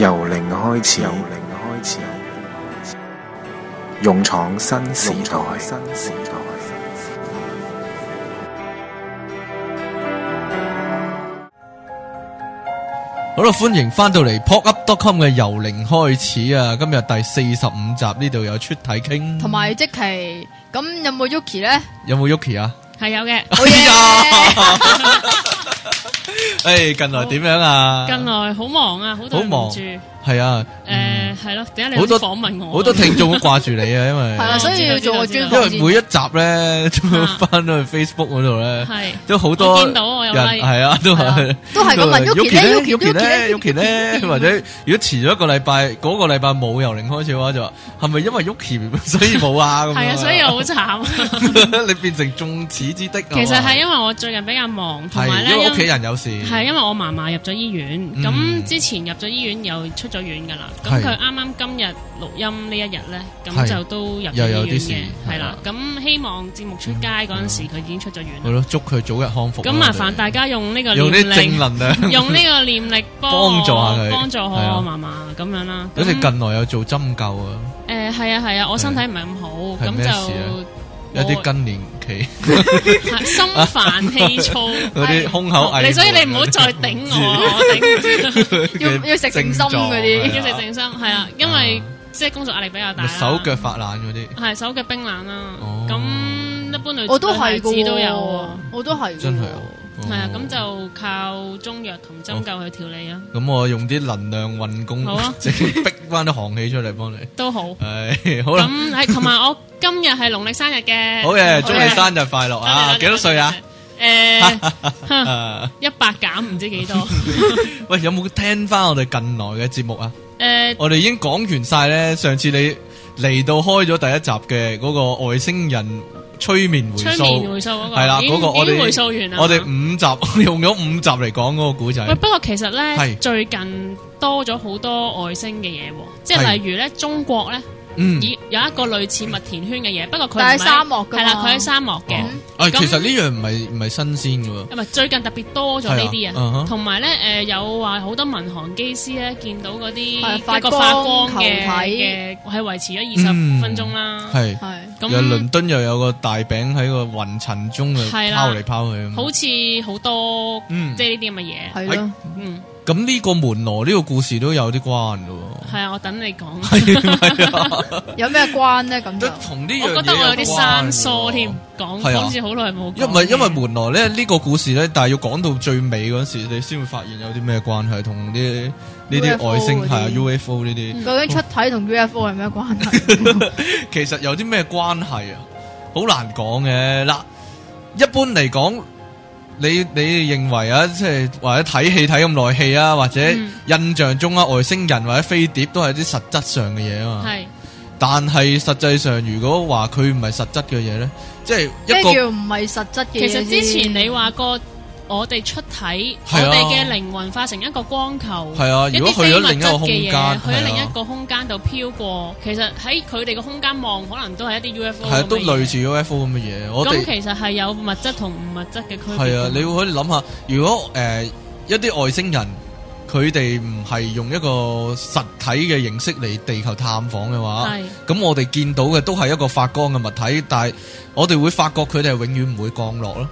由零開始，由零開始，勇闖新時代。好啦，歡迎翻到嚟 pokup.com 嘅由零開始啊！今日第四十五集，呢度有出體傾，同埋即期咁有冇 Yuki 咧？有冇 Yuki 啊？係有嘅，可以啊！ 誒、哎，近來點樣啊？近來好忙啊，好對唔住，係啊。嗯係咯，等下你好多訪問我，好多聽眾都掛住你啊，因為係啊，所以做我專。因為每一集咧，都翻到去 Facebook 嗰度咧，都好多見到我又係啊，都係都係咁問 y u k 咧，或者如果遲咗一個禮拜，嗰個禮拜冇由零開始嘅話，就係咪因為喐 u 所以冇啊？係啊，所以好慘。你變成眾矢之的啊！其實係因為我最近比較忙，同埋屋企人有事，係因為我嫲嫲入咗醫院，咁之前入咗醫院又出咗院噶啦，咁啱啱今日錄音呢一日咧，咁就都入咗醫院嘅，係啦。咁希望節目出街嗰陣時，佢已經出咗院。好咯，祝佢早日康復。咁麻煩大家用呢個念力，用啲正能量，用呢個念力幫助下佢，幫助好我嫲嫲咁樣啦。好似你近來有做針灸啊？誒係啊係啊，我身體唔係咁好，咁就。有啲更年期，心煩氣躁，有啲胸口壓力，所以你唔好再頂我，要要食靜心嗰啲，要食靜心，係啊，因為即係工作壓力比較大，手腳發冷嗰啲，係手腳冰冷啦。咁一般女，我都係，都有，我都係，真係。係啊，咁就靠中藥同針灸去調理啊。咁我用啲能量運功，好啊，直接逼翻啲寒氣出嚟幫你。都好，係好啦。咁係同埋我今日係農曆生日嘅。好嘢，祝你生日快樂啊！幾多歲啊？誒，一百減唔知幾多。喂，有冇聽翻我哋近來嘅節目啊？誒，我哋已經講完晒咧。上次你嚟到開咗第一集嘅嗰個外星人，催眠回溯係啦，嗰個我哋五集 用咗五集嚟講嗰個古仔。喂，不過其實咧，是最近多咗好多外星嘅嘢，是即係例如咧，中國咧，嗯，以有一個類似麥田圈嘅嘢，不過佢喺沙漠嘅，係啦，佢喺沙漠嘅。嗯其實呢樣唔係唔係新鮮嘅喎，唔係最近特別多咗呢啲啊，同埋咧誒有話好多民航機師咧見到嗰啲發光球體嘅，係維持咗二十五分鐘啦，係。咁，倫敦又有個大餅喺個雲層中嚟拋嚟拋去，好似好多，即係呢啲咁嘅嘢，係咯，嗯。咁呢個門羅呢、這個故事都有啲關嘅喎，係啊，我等你講， 有咩關咧？咁同啲樣我覺得我有啲生疏添，講好似好耐冇。因為、啊、因為門羅咧呢個故事咧，但係要講到最尾嗰陣時，你先會發現有啲咩關係同啲呢啲外星系 UFO 呢啲，啊、究竟出體同 UFO 係咩關係？ 其實有啲咩關係啊？好難講嘅嗱，一般嚟講。你你哋認為啊，即係或者睇戲睇咁耐戲啊，或者印象中啊外星人或者飛碟都係啲實質上嘅嘢啊嘛。係，但係實際上如果話佢唔係實質嘅嘢咧，即係一個叫唔係實質嘅嘢。其實之前你話過。我哋出體，啊、我哋嘅靈魂化成一個光球，啊、如果去咗另一個空間去喺另一個空間度飄過。其實喺佢哋嘅空間望，可能都係一啲 UFO。係啊，都類似 UFO 咁嘅嘢。咁，我哋其實係有物質同唔物質嘅區別。係啊，你會可以諗下，如果誒、呃、一啲外星人佢哋唔係用一個實體嘅形式嚟地球探訪嘅話，咁、啊、我哋見到嘅都係一個發光嘅物體，但係我哋會發覺佢哋係永遠唔會降落咯。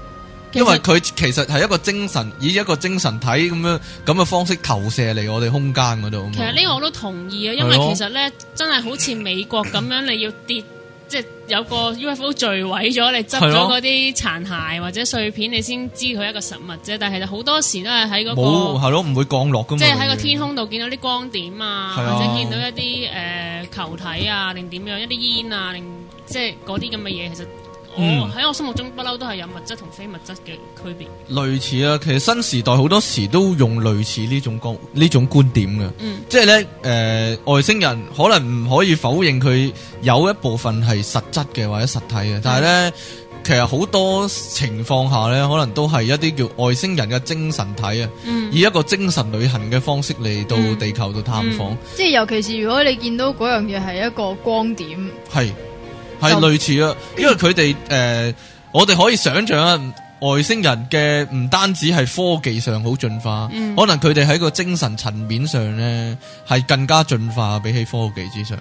因為佢其實係一個精神，以一個精神體咁樣咁嘅方式投射嚟我哋空間嗰度。其實呢個我都同意啊，因為其實咧、哦、真係好似美國咁樣，你要跌，即、就、係、是、有個 UFO 墜毀咗，你執咗嗰啲殘骸或者碎片，你先知佢一個實物啫。但係其實好多時都係喺嗰個，係咯，唔、哦、會降落噶嘛。即係喺個天空度見到啲光點啊，哦、或者見到一啲誒、呃、球體啊，定點樣一啲煙啊，即係嗰啲咁嘅嘢，其實。喺、oh, 嗯、我心目中，不嬲都係有物質同非物質嘅區別。類似啊。其實新時代好多時都用類似呢種光呢種觀點嘅，即係咧，誒、呃，外星人可能唔可以否認佢有一部分係實質嘅或者實體嘅，但係咧，是其實好多情況下咧，可能都係一啲叫外星人嘅精神體啊，嗯、以一個精神旅行嘅方式嚟到地球度探訪、嗯嗯嗯。即係尤其是如果你見到嗰樣嘢係一個光點，係是。係類似啊，因為佢哋誒，我哋可以想象啊，外星人嘅唔單止係科技上好進化，嗯、可能佢哋喺個精神層面上呢係更加進化，比起科技之上，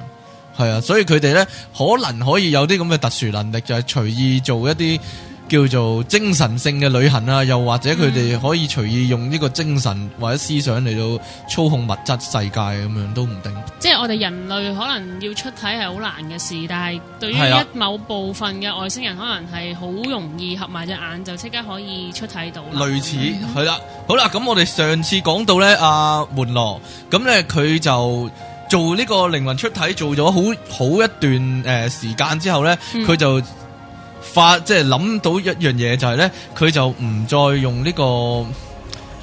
係啊，所以佢哋呢，可能可以有啲咁嘅特殊能力，就係、是、隨意做一啲。嗯叫做精神性嘅旅行啊，又或者佢哋可以隨意用呢個精神或者思想嚟到操控物質世界咁樣都唔定。即係我哋人類可能要出體係好難嘅事，但係對於一某部分嘅外星人，的可能係好容易合埋隻眼就即刻可以出體到。類似係啦樣，好啦，咁我哋上次講到咧，阿、啊、門羅，咁咧，佢就做呢個靈魂出體做咗好好一段誒時間之後咧，佢、嗯、就。發即係諗到一樣嘢就係呢，佢就唔再用呢、這個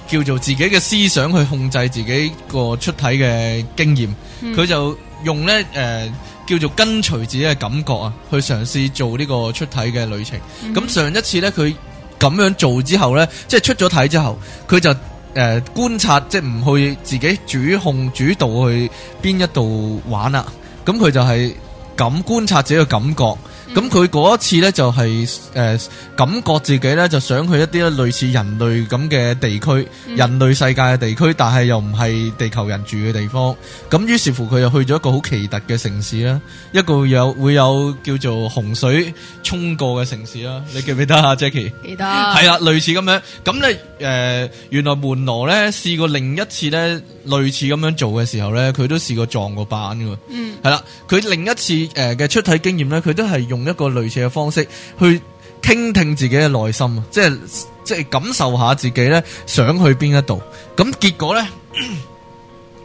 叫做自己嘅思想去控制自己個出體嘅經驗，佢、嗯、就用呢誒、呃、叫做跟隨自己嘅感覺啊，去嘗試做呢個出體嘅旅程。咁、嗯、上一次呢，佢咁樣做之後呢，即係出咗體之後，佢就誒、呃、觀察，即係唔去自己主控主導去邊一度玩啦、啊。咁佢就係咁觀察自己嘅感覺。咁佢嗰一次咧，就係誒感覺自己咧，就想去一啲咧，類似人類咁嘅地區，人類世界嘅地區，但係又唔係地球人住嘅地方。咁於是乎佢又去咗一個好奇特嘅城市啦，一個有會有叫做洪水沖過嘅城市啦。你記唔記得啊，Jackie？記得。係啦，類似咁樣。咁你誒原來門羅咧試過另一次咧類似咁樣做嘅時候咧，佢都試過撞過板嘅。嗯。係啦，佢另一次誒嘅出體經驗咧，佢都係用。一個類似嘅方式去傾聽自己嘅內心，即係即係感受下自己咧想去邊一度。咁結果咧，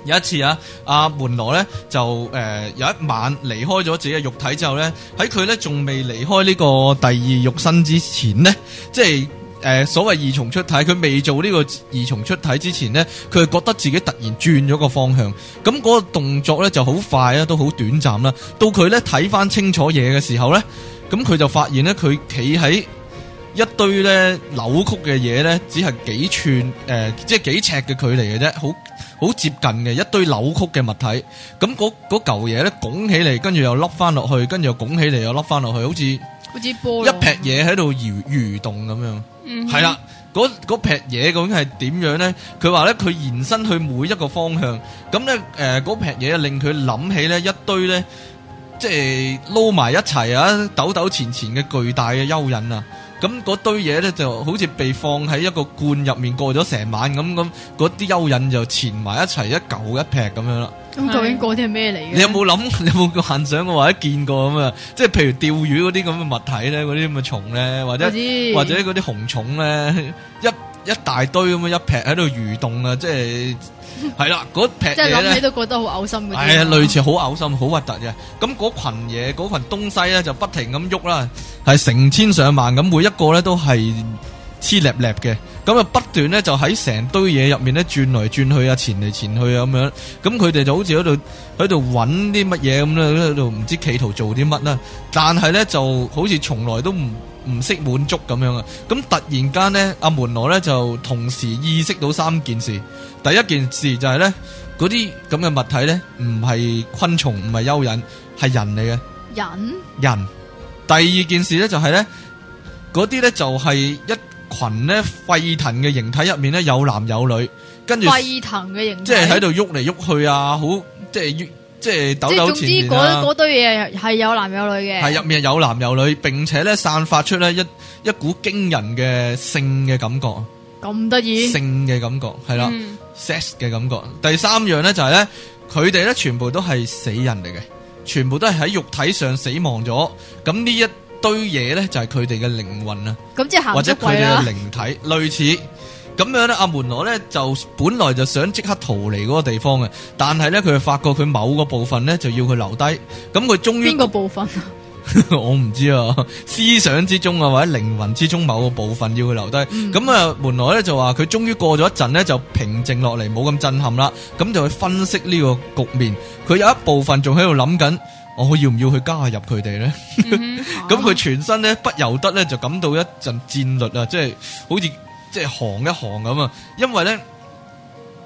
有一次啊，阿門羅咧就誒有一晚離開咗自己嘅肉體之後咧，喺佢咧仲未離開呢個第二肉身之前咧，即係。誒、呃，所謂二重出體，佢未做呢個二重出體之前咧，佢係覺得自己突然轉咗個方向，咁嗰個動作呢就好快啦，都好短暫啦。到佢呢睇翻清楚嘢嘅時候呢，咁佢就發現呢，佢企喺一堆咧扭曲嘅嘢呢，只係幾寸誒，即、呃、係幾尺嘅距離嘅啫，好好接近嘅一堆扭曲嘅物體。咁嗰嚿嘢呢，拱起嚟，跟住又凹翻落去，跟住又拱起嚟，又凹翻落去，好似。一劈嘢喺度搖蠕動咁樣，係啦、嗯哼，嗰嗰撇嘢究竟係點樣咧？佢話咧，佢延伸去每一個方向，咁咧，誒、呃，嗰撇嘢令佢諗起咧一堆咧，即係撈埋一齊啊，抖抖纏纏嘅巨大嘅蚯蚓啊！咁嗰堆嘢咧就好似被放喺一個罐入面過咗成晚咁咁，嗰啲蚯蚓就纏埋一齊一嚿一劈咁樣啦。咁、嗯嗯、究竟嗰啲係咩嚟？你有冇諗？有冇幻想過或者見過咁啊？即係譬如釣魚嗰啲咁嘅物體咧，嗰啲咁嘅蟲咧，或者或者嗰啲紅蟲咧一。一大堆咁樣一劈喺度蠕動啊，即係係啦，嗰劈即係諗起都覺得好嘔心嘅。係啊，類似好嘔心，好核突嘅。咁嗰群嘢，嗰群東西咧就不停咁喐啦，係成千上萬咁，每一個咧都係黐 𣲷𣲷 嘅。咁啊不斷咧就喺成堆嘢入面咧轉來轉去啊，前嚟前去啊咁樣。咁佢哋就好似喺度喺度揾啲乜嘢咁咧，喺度唔知企圖做啲乜啦。但係咧就好似從來都唔。唔識滿足咁樣啊！咁突然間咧，阿門羅咧就同時意識到三件事。第一件事就係咧，嗰啲咁嘅物體咧唔係昆蟲，唔係蚯蚓，係人嚟嘅。人。人。第二件事咧就係咧，嗰啲咧就係一群咧沸騰嘅形體入面咧有男有女，跟住沸騰嘅形體，即係喺度喐嚟喐去啊！好，即係喐。即係抖抖前嗰堆嘢係有男有女嘅。係入面有男有女，並且咧散發出咧一一股驚人嘅性嘅感覺。咁得意？性嘅感覺，係啦。sex 嘅、嗯、感覺。第三樣咧就係、是、咧，佢哋咧全部都係死人嚟嘅，全部都係喺肉體上死亡咗。咁呢一堆嘢咧就係佢哋嘅靈魂啊。咁即、嗯、或者佢哋嘅靈體，嗯、類似。咁樣咧、啊，阿門羅咧就本來就想即刻逃離嗰個地方嘅，但係咧佢發覺佢某個部分咧就要佢留低，咁佢終於邊個部分啊？ 我唔知啊，思想之中啊，或者靈魂之中某個部分要佢留低。咁、嗯、啊，門羅咧就話佢終於過咗一陣咧就平靜落嚟，冇咁震撼啦。咁就去分析呢個局面，佢有一部分仲喺度諗緊，我、哦、要唔要去加入佢哋咧？咁 佢、嗯、哼 全身咧不由得咧就感到一陣戰慄啊，即、就、係、是、好似。即係行一行咁啊！因為咧，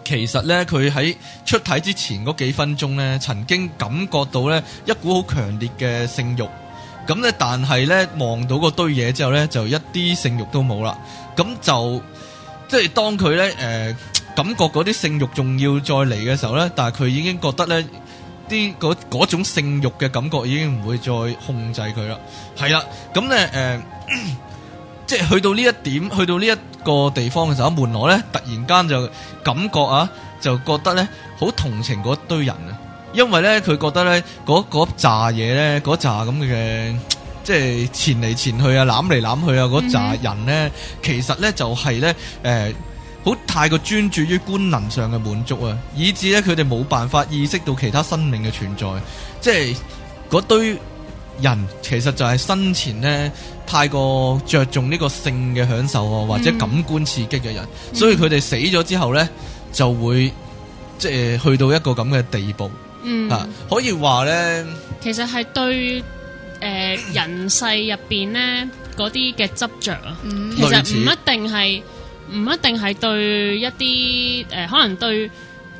其實咧，佢喺出體之前嗰幾分鐘咧，曾經感覺到咧一股好強烈嘅性慾。咁咧，但係咧望到嗰堆嘢之後咧，就一啲性慾都冇啦。咁就即係當佢咧誒，感覺嗰啲性慾仲要再嚟嘅時候咧，但係佢已經覺得咧，啲嗰嗰種性慾嘅感覺已經唔會再控制佢啦。係啦，咁咧誒。呃即係去到呢一點，去到呢一個地方嘅時候，門羅咧突然間就感覺啊，就覺得咧好同情嗰堆人啊，因為咧佢覺得咧嗰嗰扎嘢咧，嗰扎咁嘅即係纏嚟纏去啊，攬嚟攬去啊，嗰扎人咧，嗯、其實咧就係咧誒，好、呃、太過專注於官能上嘅滿足啊，以至咧佢哋冇辦法意識到其他生命嘅存在，即係嗰堆。人其實就係生前呢，太過着重呢個性嘅享受啊，或者感官刺激嘅人，所以佢哋死咗之後呢，就會即係去到一個咁嘅地步，啊，可以話呢，其實係對誒人世入邊呢嗰啲嘅執着啊，其實唔一定係，唔一定係對一啲誒可能對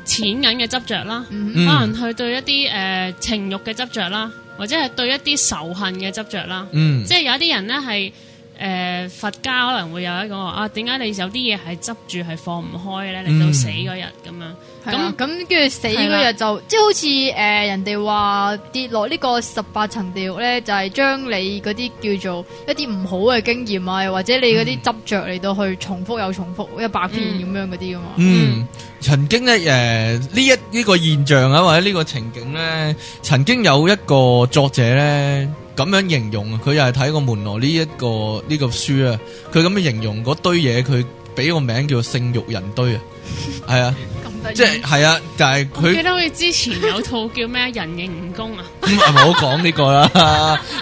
錢銀嘅執着啦，可能去對一啲誒情欲嘅執着啦。或者係對一啲仇恨嘅執著啦，嗯，即係有啲人咧係。誒、呃、佛家可能會有一個啊，點解你有啲嘢係執住係放唔開咧？令到死嗰日咁樣，咁咁跟住死嗰日就，是、啊、就即係好似誒、呃、人哋話跌落呢個十八層地獄咧，就係將你嗰啲叫做一啲唔好嘅經驗啊，或者你嗰啲執着，嚟到去重複又重複一百遍咁樣嗰啲啊嘛。嗯，曾經咧誒呢一呢個現象啊，或者呢個情景咧，曾經有一個作者咧。呢咁樣形容啊，佢又係睇個門羅呢一個呢個書啊，佢咁樣形容嗰堆嘢，佢俾個名叫做性慾人堆 是啊，係啊。即係係、嗯、啊，但係佢記得好似之前有套叫咩《人形蜈蚣》啊，唔好講呢個啦，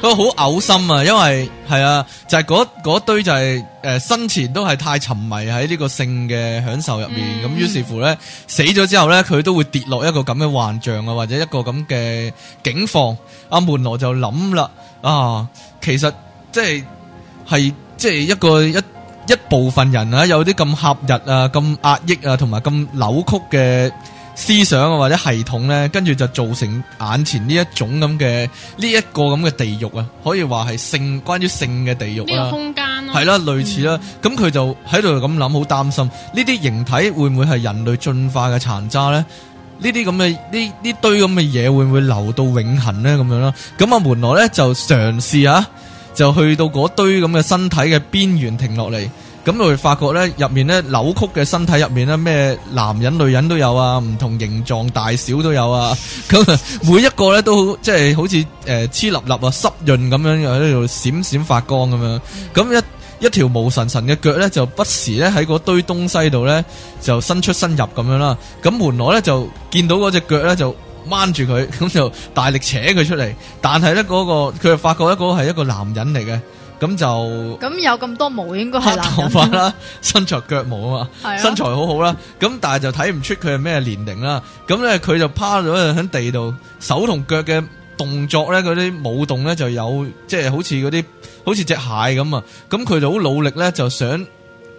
不過好嘔心啊，因為係啊，就係、是、嗰堆就係、是、誒、呃、生前都係太沉迷喺呢個性嘅享受入面，咁於、嗯、是乎咧死咗之後咧，佢都會跌落一個咁嘅幻象啊，或者一個咁嘅境況。阿門羅就諗啦，啊，其實即係係即係一個一。一部分人啊，有啲咁狹日啊、咁壓抑啊、同埋咁扭曲嘅思想啊，或者系統咧、啊，跟住就造成眼前呢一種咁嘅呢一個咁嘅地獄啊，可以話係性關於性嘅地獄啊，呢個空間，係啦、啊啊，類似啦、啊，咁佢、嗯、就喺度咁諗，好擔心呢啲形體會唔會係人類進化嘅殘渣咧？呢啲咁嘅呢呢堆咁嘅嘢會唔會留到永恒咧？咁樣啦，咁啊門羅咧就嘗試啊。就去到嗰堆咁嘅身體嘅邊緣停落嚟，咁你會發覺呢入面呢扭曲嘅身體入面呢咩男人女人都有啊，唔同形狀大小都有啊，咁 每一個呢都好即係好似誒黐立立啊濕潤咁樣又喺度閃閃發光咁樣，咁一一條毛神神嘅腳呢，就不時呢喺嗰堆東西度呢就伸出伸入咁樣啦，咁門羅呢，就見到嗰隻腳呢就，掹住佢，咁就大力扯佢出嚟。但係咧、那個，嗰個佢就發覺一嗰個係一個男人嚟嘅，咁就咁有咁多毛應該係男，應該係頭髮啦，身材腳毛啊嘛， 身材好好啦。咁 但係就睇唔出佢係咩年齡啦。咁咧，佢就趴咗喺地度，手同腳嘅動作咧，嗰啲舞動咧就有，即、就、係、是、好似嗰啲好似隻蟹咁啊。咁佢就好努力咧，就想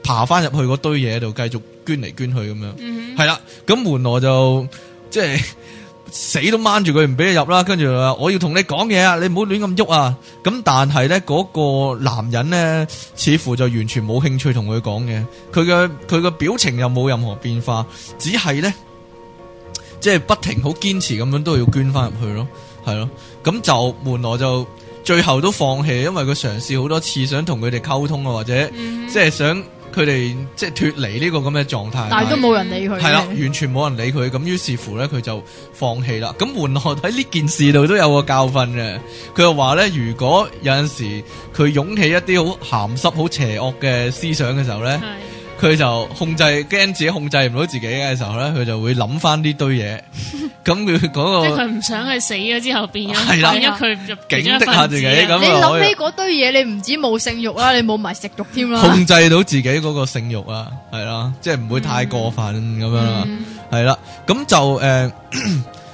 爬翻入去嗰堆嘢度繼續捐嚟捐去咁樣。係啦、嗯哼，咁門羅就即係。就是 死都掹住佢唔俾佢入啦，跟住我要同你講嘢啊，你唔好亂咁喐啊！咁但係咧嗰個男人咧，似乎就完全冇興趣同佢講嘢，佢嘅佢嘅表情又冇任何變化，只係咧即係不停好堅持咁樣都要捐翻入去咯，係咯，咁就門羅就最後都放棄，因為佢嘗試好多次想同佢哋溝通啊，或者即係想。佢哋即係脫離呢個咁嘅狀態，但係都冇人理佢，係啦、嗯，完全冇人理佢，咁於是乎咧，佢就放棄啦。咁換落喺呢件事度都有個教訓嘅，佢又話咧，如果有陣時佢湧起一啲好鹹濕、好邪惡嘅思想嘅時候咧。佢就控制驚自己控制唔到自己嘅時候咧，佢就會諗翻呢堆嘢，咁佢、 嗰個即係佢唔想佢死咗之後變咗，啊、變咗佢唔警惕下自己咁你諗起嗰堆嘢， 你唔止冇性欲啦，你冇埋食慾添啦！控制到自己嗰個性慾啊，係啦，即係唔會太過分咁、嗯、樣啦，係啦、嗯，咁、啊、就誒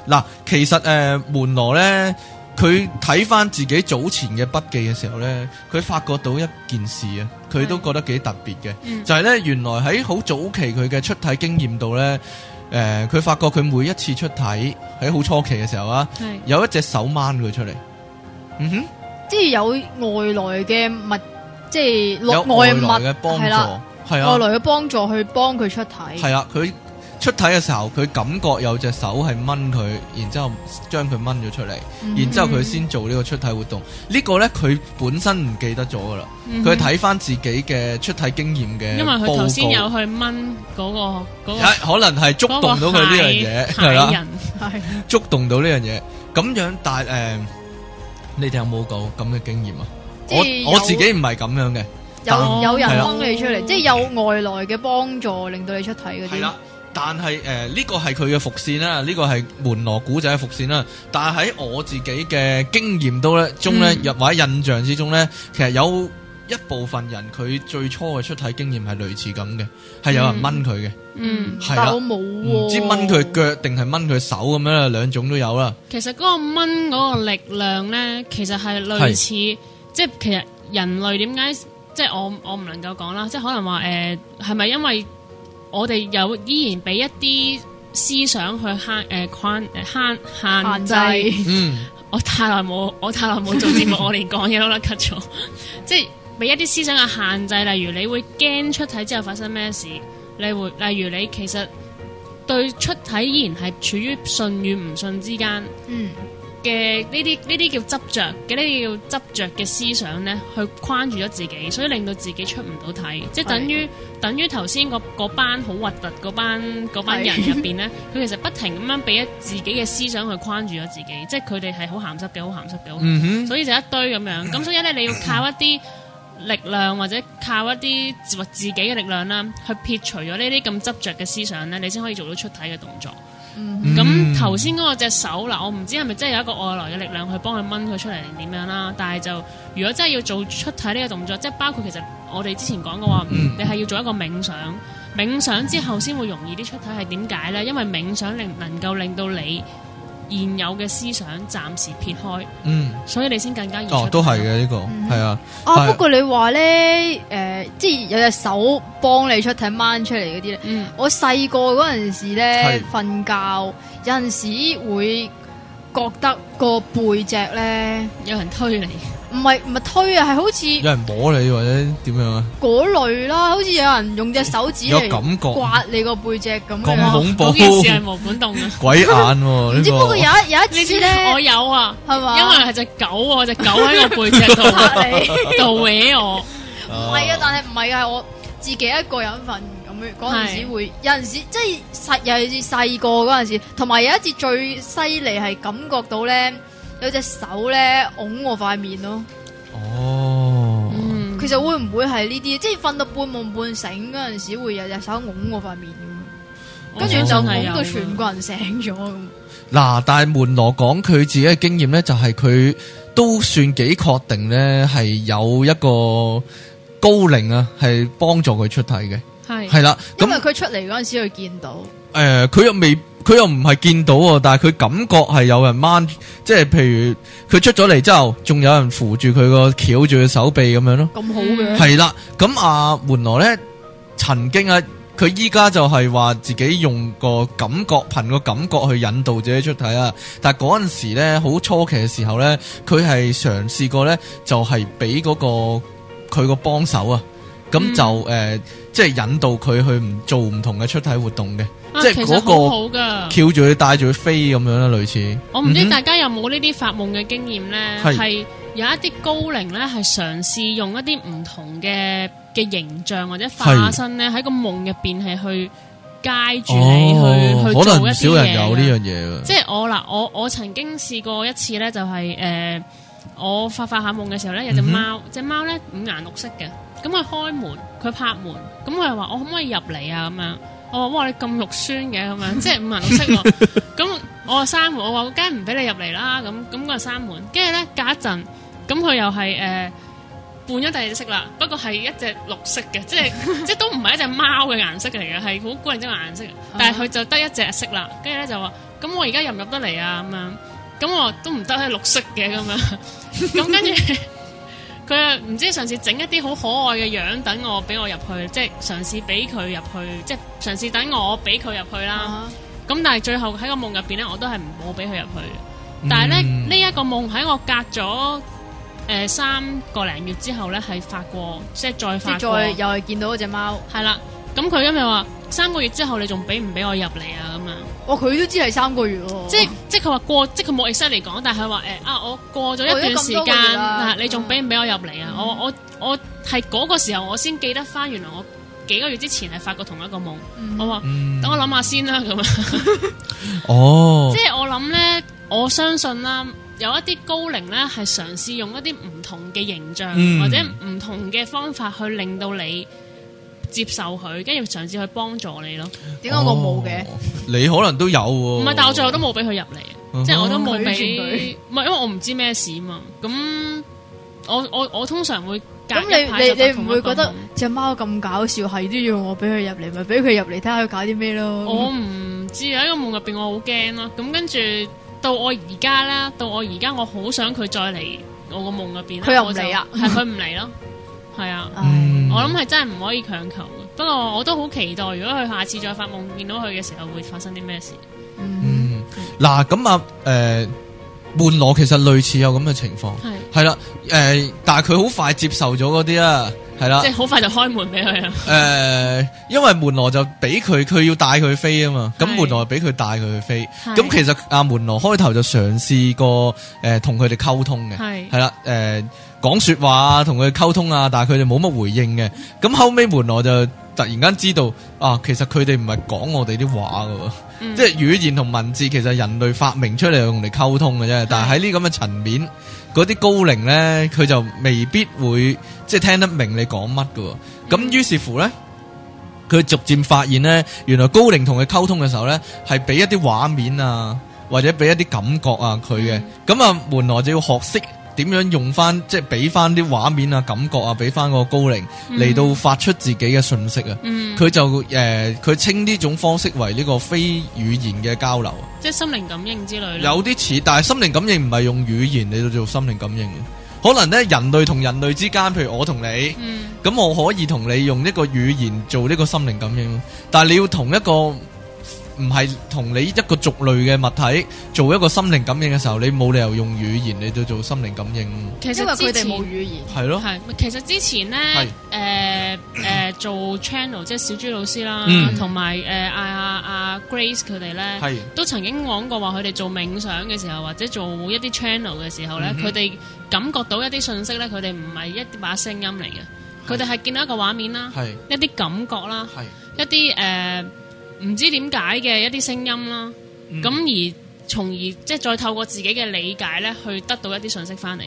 嗱，其實誒、呃、門羅咧。佢睇翻自己早前嘅筆記嘅時候咧，佢發覺到一件事啊，佢都覺得幾特別嘅，的就係咧原來喺好早期佢嘅出體經驗度咧，誒、呃、佢發覺佢每一次出體喺好初期嘅時候啊，的有一隻手掹佢出嚟，嗯哼，即係有外來嘅物，即係外物，係啦，係啊，外來嘅幫，幫助去幫佢出體，係啊，佢。出體嘅時候，佢感覺有隻手係掹佢，然之後將佢掹咗出嚟，然之後佢先做呢個出體活動。呢個咧，佢本身唔記得咗噶啦，佢睇翻自己嘅出體經驗嘅。因為佢頭先有去掹嗰個嗰個，可能係觸動到佢呢樣嘢，係啦，觸動到呢樣嘢。咁樣但係誒，你哋有冇個咁嘅經驗啊？我我自己唔係咁樣嘅，有有人掹你出嚟，即係有外來嘅幫助令到你出體嗰啲。但係誒，呢、呃這個係佢嘅伏線啦，呢、這個係門羅古仔嘅伏線啦。但係喺我自己嘅經驗度咧，中咧又或者印象之中咧，其實有一部分人佢最初嘅出體經驗係類似咁嘅，係、嗯、有人掹佢嘅，嗯，係的我冇唔、哦、知掹佢腳定係掹佢手咁樣啦，兩種都有啦。其實嗰個掹嗰個力量咧，其實係類似，是即係其實人類點解，即係我我唔能夠講啦，即係可能話誒，係、呃、咪因為？我哋有依然俾一啲思想去限誒框誒限限制，嗯，我，我太耐冇我太耐冇做節目， 我連講嘢都甩 cut 咗。 即係俾一啲思想嘅限制，例如你會驚出體之後發生咩事？你會，例如你其實對出體依然係處於信與唔信之間。嗯。嘅呢啲呢啲叫執着嘅呢啲叫執著嘅思想咧，去框住咗自己，所以令到自己出唔到體，對即係等於等於頭先嗰班好核突嗰班嗰班人入邊咧，佢對其實不停咁樣俾一自己嘅思想去框住咗自己，即係佢哋係好鹹濕嘅，好鹹濕嘅，mm hmm. 所以就一堆咁樣。咁所以咧，你要靠一啲力量或者靠一啲或自己嘅力量啦，去撇除咗呢啲咁執着嘅思想咧，你先可以做到出體嘅動作。咁頭先嗰隻手啦，我唔知係咪真係有一個外來嘅力量去幫佢掹佢出嚟定點樣啦，但係就如果真係要做出體呢個動作，即係包括其實我哋之前講嘅話，mm hmm. 你係要做一個冥想，冥想之後先會容易啲出體，係點解呢？因為冥想令能，能夠令到你。現有嘅思想暫時撇開，嗯，所以你先更加哦，都係嘅呢個，係、嗯、哼啊，哦、啊啊啊、不過你話咧，誒、呃，即係有隻手幫你出睇掹出嚟嗰啲咧，嗯、我細個嗰陣時咧，瞓是覺，有陣時會覺得個背脊咧有人推你。唔係唔係推啊，係好似有人摸你或者點樣啊？嗰類啦，好似有人用隻手指有感覺刮你個背脊咁啊！咁恐怖件事係毛管動嘅。鬼眼呢個？只不過有一有一次咧，我有啊，係嘛？因為係隻狗，隻狗喺我背脊度拍你，度搲我。唔係啊，但係唔係啊，係我自己一個人瞓咁樣嗰陣時會，有陣時即係細尤其係細個嗰陣時，同埋有一次最犀利係感覺到咧。有隻手咧，擁我塊面咯。哦，嗯，其實會唔會係呢啲？即係瞓到半夢半醒嗰陣時，會有隻手擁我塊面咁跟住就係、哦、都到全個人醒咗咁。嗱、哦，但係門羅講佢自己嘅經驗咧、就是，就係佢都算幾確定咧，係有一個高靈啊，係幫助佢出體嘅。係係啦，因為佢出嚟嗰陣時，佢見到。誒、嗯，佢又未。佢又唔係見到喎，但係佢感覺係有人掹，即係譬如佢出咗嚟之後，仲有人扶住佢個、翹住佢手臂咁樣咯。咁好嘅係啦，咁阿門羅咧，曾經啊，佢依家就係話自己用個感覺，憑個感覺去引導自己出體啊。但係嗰陣時咧，好初期嘅時候咧，佢係嘗試過咧，就係俾嗰個佢個幫手啊。咁、嗯、就誒、呃，即係引導佢去唔做唔同嘅出體活動嘅，啊、即係、嗰個、好個翹住佢帶住佢飛咁樣啦，類似。我唔知大家有冇呢啲發夢嘅經驗咧？係是有一啲高靈咧，係嘗試用一啲唔同嘅嘅形象或者化身咧，喺是個夢入邊係去介住你、哦、去去做一啲嘢。可能唔少人有呢樣嘢。即係我嗱，我我，我曾經試過一次咧、就是，就係誒，我發發下夢嘅時候咧，有隻貓，隻、嗯、貓咧五顏六色嘅。咁佢開門，佢拍門，咁我又話我可唔可以入嚟啊？咁樣，我話哇你咁肉酸嘅咁樣，即係五顏六色喎。咁 我話閂門，我話我梗係唔俾你入嚟啦。咁咁嗰個閂門，跟住咧隔一陣，咁佢又係誒換咗第二隻色啦，不過係一隻綠色嘅，即係 即係都唔係一隻貓嘅顏色嚟嘅，係好古靈精嘅顏色。但係佢就得一隻色啦，跟住咧就話咁我而家入唔入得嚟啊？咁樣，咁我都唔得係綠色嘅咁樣，咁跟住。佢唔知上次整一啲好可愛嘅樣等我俾我入去，即係嘗試俾佢入去，即係嘗試等我俾佢入去啦。咁、uh huh. 但係最後喺個夢入邊咧，我都係唔好俾佢入去。但係咧呢一、mm hmm. 個夢喺我隔咗誒、呃、三個零月之後咧，係發過，即係再發，即再又係見到嗰隻貓，係啦。咁佢今日話三個月之後你仲俾唔俾我入嚟啊？咁樣，哦，佢都知係三個月喎、啊，即係即係佢話過，即係佢冇 exactly 嚟講，但係佢話誒啊，我過咗一段時間你仲俾唔俾我入嚟啊？我、嗯、我我係嗰個時候我先記得翻，原來我幾個月之前係發過同一個夢。嗯、我話等我諗下先啦，咁樣， 哦，即係我諗咧，我相信啦，有一啲高靈咧係嘗試用一啲唔同嘅形象或者唔同嘅方法去令到你。接受佢，跟住嘗試去幫助你咯。點解我冇嘅？Oh, 你可能都有喎、啊。唔係，但我最後都冇俾佢入嚟，即係、uh huh, 我都冇俾。唔係， 因為我唔知咩事啊嘛。咁我我我通常會咁，你你你唔會覺得隻貓咁搞笑，係都要我俾佢入嚟，咪俾佢入嚟睇下佢搞啲咩咯？我唔知喺個夢入邊，我好驚咯。咁跟住到我而家呢，到我而家我好想佢再嚟我個夢入邊。佢又嚟就 啊？係佢唔嚟咯？係啊。我諗係真係唔可以強求，不過我都好期待，如果佢下次再發夢見到佢嘅時候，會發生啲咩事？嗯，嗱、嗯，咁啊，誒、呃，門羅其實類似有咁嘅情況，係係啦，誒、呃，但係佢好快接受咗嗰啲啦，係啦，即係好快就開門俾佢啦。誒、呃，因為門羅就俾佢，佢要帶佢飛啊嘛，咁是門羅俾佢帶佢去飛。咁是其實阿、啊、門羅開頭就嘗試過，誒、呃，同佢哋溝通嘅，係係啦，誒是。講說話啊，同佢溝通啊，但係佢哋冇乜回應嘅。咁、嗯、後尾門羅就突然間知道啊，其實佢哋唔係講我哋啲話嘅，即係、嗯、語言同文字其實人類發明出嚟用嚟溝通嘅啫。但係喺呢咁嘅層面，嗰啲是高靈咧，佢就未必會即係、就是、聽得明你講乜嘅。咁於、嗯、是乎咧，佢逐漸發現咧，原來高靈同佢溝通嘅時候咧，係俾一啲畫面啊，或者俾一啲感覺啊佢嘅。咁啊，嗯、門羅就要學識。點樣用翻，即係俾翻啲畫面啊、感覺啊，俾翻個高靈嚟到發出自己嘅訊息啊。佢、mm hmm. 就誒，佢稱呢種方式為呢個非語言嘅交流，即係心靈感應之類。有啲似，但係心靈感應唔係用語言嚟到做心靈感應。可能咧，人類同人類之間，譬如我同你，咁、mm hmm. 我可以同你用一個語言做呢個心靈感應，但係你要同一個。唔係同你一個族類嘅物體做一個心靈感應嘅時候，你冇理由用語言嚟到做心靈感應。其實佢哋冇語言。係咯，係。其實之前咧，誒誒做 channel 即係小豬老師啦，同埋誒阿阿阿 Grace 佢哋咧，都曾經講過話佢哋做冥想嘅時候，或者做一啲 channel 嘅時候咧，佢哋感覺到一啲信息咧，佢哋唔係一把聲音嚟嘅，佢哋係見到一個畫面啦，一啲感覺啦，一啲誒。唔知點解嘅一啲聲音啦，咁而從而即係再透過自己嘅理解咧，去得到一啲信息翻嚟。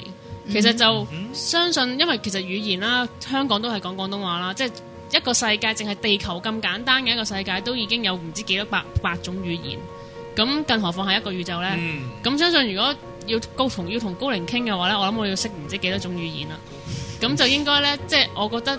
其實就相信，因為其實語言啦，香港都係講廣東話啦，即係一個世界淨係地球咁簡單嘅一個世界，都已經有唔知幾多百百種語言。咁更何況係一個宇宙呢？咁相信如果要高同要同高靈傾嘅話呢，我諗我要識唔知幾多種語言啦。咁就應該呢，即係我覺得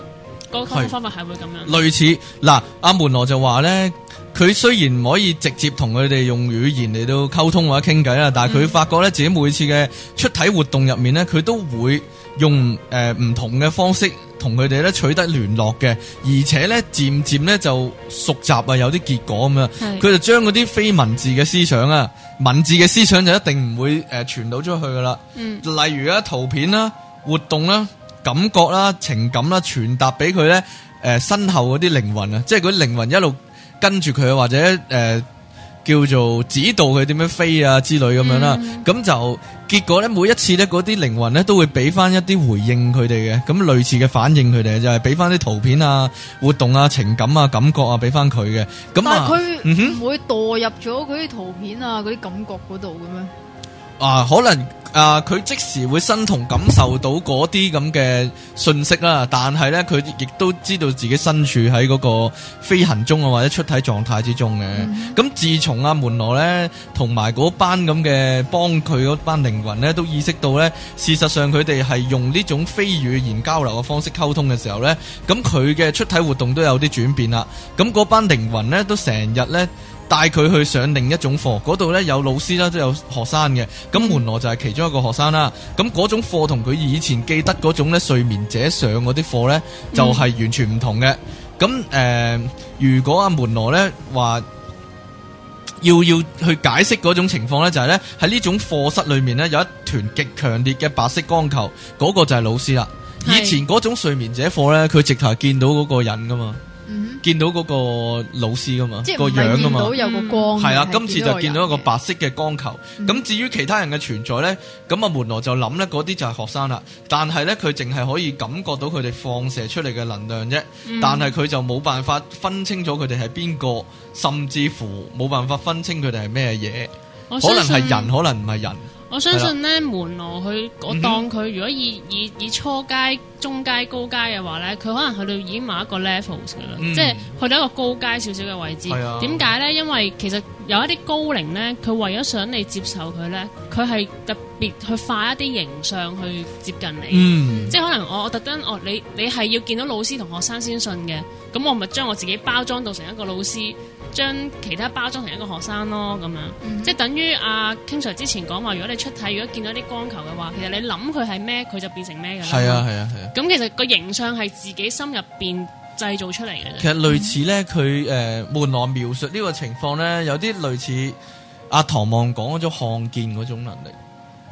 個溝通方法係會咁樣。類似嗱，阿門羅就話呢，佢雖然唔可以直接同佢哋用語言嚟到溝通或者傾偈啦，但係佢發覺咧自己每次嘅出體活動入面咧，佢都會用誒唔同嘅方式同佢哋咧取得聯絡嘅，而且咧漸漸咧就熟習啊，有啲結果咁樣，佢是就將啲非文字嘅思想啊，文字嘅思想就一定唔會誒傳到出去噶啦。嗯、例如啊圖片啦、活動啦、感覺啦、情感啦，傳達俾佢咧誒身後啲靈魂啊，即係佢靈魂一路。跟住佢啊，或者誒、呃、叫做指導佢點樣飛啊之類咁樣啦，咁、嗯、就結果咧，每一次咧，嗰啲靈魂咧都會俾翻一啲回應佢哋嘅，咁類似嘅反應佢哋就係俾翻啲圖片啊、活動啊、情感啊、感覺啊俾翻佢嘅，咁啊佢唔會墮入咗嗰啲圖片啊、嗰啲感覺嗰度嘅咩？啊，可能啊，佢即時會身同感受到嗰啲咁嘅信息啦，但係呢，佢亦都知道自己身處喺嗰個飛行中啊，或者出體狀態之中嘅。咁、嗯、自從阿、啊、門羅呢同埋嗰班咁嘅幫佢嗰班靈魂呢，都意識到呢，事實上佢哋係用呢種非語言交流嘅方式溝通嘅時候呢，咁佢嘅出體活動都有啲轉變啦。咁嗰班靈魂呢，都成日呢。帶佢去上另一種課，嗰度呢有老師啦，都有學生嘅。咁門羅就係其中一個學生啦。咁嗰種課同佢以前記得嗰種咧睡眠者上嗰啲課呢，就係完全唔同嘅。咁誒、嗯呃，如果阿門羅呢話要要去解釋嗰種情況呢，就係呢：喺呢種課室裏面呢，有一團極強烈嘅白色光球，嗰、嗰個就係老師啦。是以前嗰種睡眠者課呢，佢直頭係見到嗰個人㗎嘛。見到嗰個老師噶嘛，個樣噶嘛，有個光，係啊，今、嗯、次就見到一個白色嘅光球。咁、嗯、至於其他人嘅存在呢，咁阿門羅就諗呢嗰啲就係學生啦。但係呢，佢淨係可以感覺到佢哋放射出嚟嘅能量啫。嗯、但係佢就冇辦法分清楚佢哋係邊個，甚至乎冇辦法分清佢哋係咩嘢。嗯、可能係人，可能唔係人。我相信咧，的門羅佢，我當佢如果以、嗯、哼以以初階、中階、高階嘅話咧，佢可能去到已經某一個 levels 噶啦，嗯、即係去到一個高階少少嘅位置。點解咧？因為其實有一啲高靈咧，佢為咗想你接受佢咧，佢係特別去化一啲形象去接近你。嗯、即係可能我特登，我，我你你係要見到老師同學生先信嘅，咁我咪將我自己包裝到成一個老師。將其他包裝成一個學生咯，咁樣，mm hmm. 即係等於阿、啊、King Sir 之前講話，如果你出體，如果見到啲光球嘅話，其實你諗佢係咩，佢就變成咩㗎啦。係啊，係啊，係啊。咁其實個形象係自己心入邊製造出嚟嘅啫。其實類似咧，佢誒門羅描述呢個情況咧，有啲類似阿、啊、唐望講嗰種看見嗰種能力。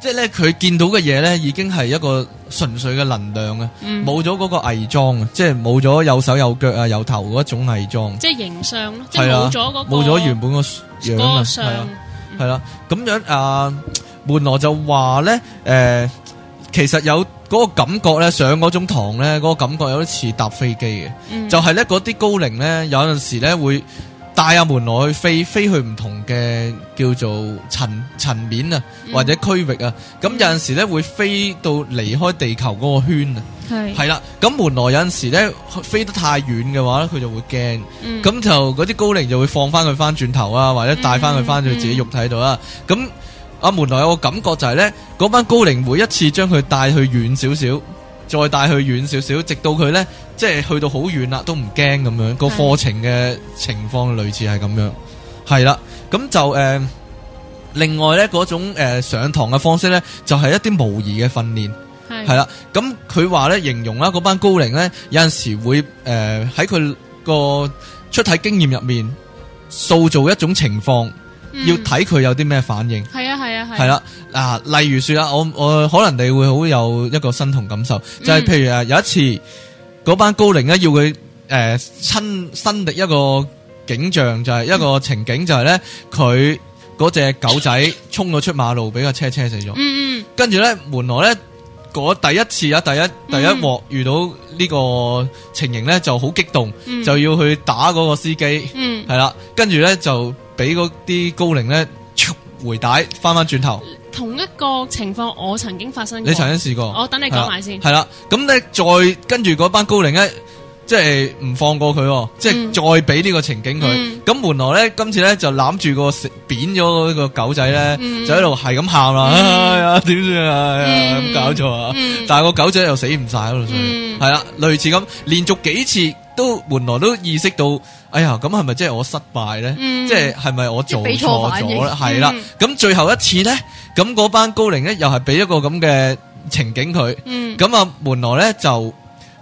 即係咧，佢見到嘅嘢咧，已經係一個純粹嘅能量啊，冇咗嗰個偽裝啊，即係冇咗有手有腳啊有頭嗰一種偽裝，即係形象咯，即係冇咗嗰冇咗原本個嗰個相，係啦，咁樣啊，門羅、嗯啊啊、就話咧，誒、呃，其實有嗰個感覺咧，上嗰種堂咧，嗰、嗰個感覺有啲似搭飛機嘅，嗯、就係咧嗰啲高靈咧，有陣時咧會。帶阿門羅去飛，飛去唔同嘅叫做層層面啊，或者區域啊。咁、嗯、有陣時咧會飛到離開地球嗰個圈啊，係啦是。咁門羅有陣時咧飛得太遠嘅話咧，佢就會驚，咁、嗯、就嗰啲高靈就會放翻佢翻轉頭啊，或者帶翻佢翻去回自己肉體度啊。咁阿、嗯嗯、門羅有個感覺就係咧，嗰班高靈每一次將佢帶去遠少少，再帶去遠少少，直到佢咧。即係去到好遠啦，都唔驚咁樣。個課程嘅情況類似係咁樣，係啦。咁就誒，另外呢嗰種誒上堂嘅方式呢，就係一啲模擬嘅訓練，係啦。咁佢話呢，形容啦，嗰班高靈咧有陣時會誒喺佢個出體經驗入面塑造一種情況，要睇佢有啲咩反應。係啊係啊係。係啦，嗱，例如說啊，我我可能你會好有一個身同感受，就係譬如誒有一次。嗰班高齡咧，要佢誒親新的一個景象，就係、是、一個情景，嗯、就係咧佢嗰隻狗仔衝到出馬路，俾架車車死咗。嗯嗯。跟住咧，門羅咧，第一次啊，第一第一幕遇到呢個情形咧，就好激動，嗯、就要去打嗰個司機。嗯。係啦，跟住咧就俾嗰啲高齡咧，回帶翻翻轉頭。同一個情況我曾經發生過，你曾經試過，我等你講埋先。係啦，咁咧再跟住嗰班高靈咧，即係唔放過佢，即係再俾呢個情景佢。咁門羅咧今次咧就攬住個扁咗嗰個狗仔咧，就喺度係咁喊啊，點算啊？咁搞錯啊！但係個狗仔又死唔晒咯，所以係啦，類似咁連續幾次都，門羅都意識到，哎呀，咁係咪即係我失敗咧？即係係咪我做錯咗咧？係啦，咁最後一次咧？咁嗰班高靈咧，又係俾一個咁嘅情景佢。咁、嗯、啊，門羅咧就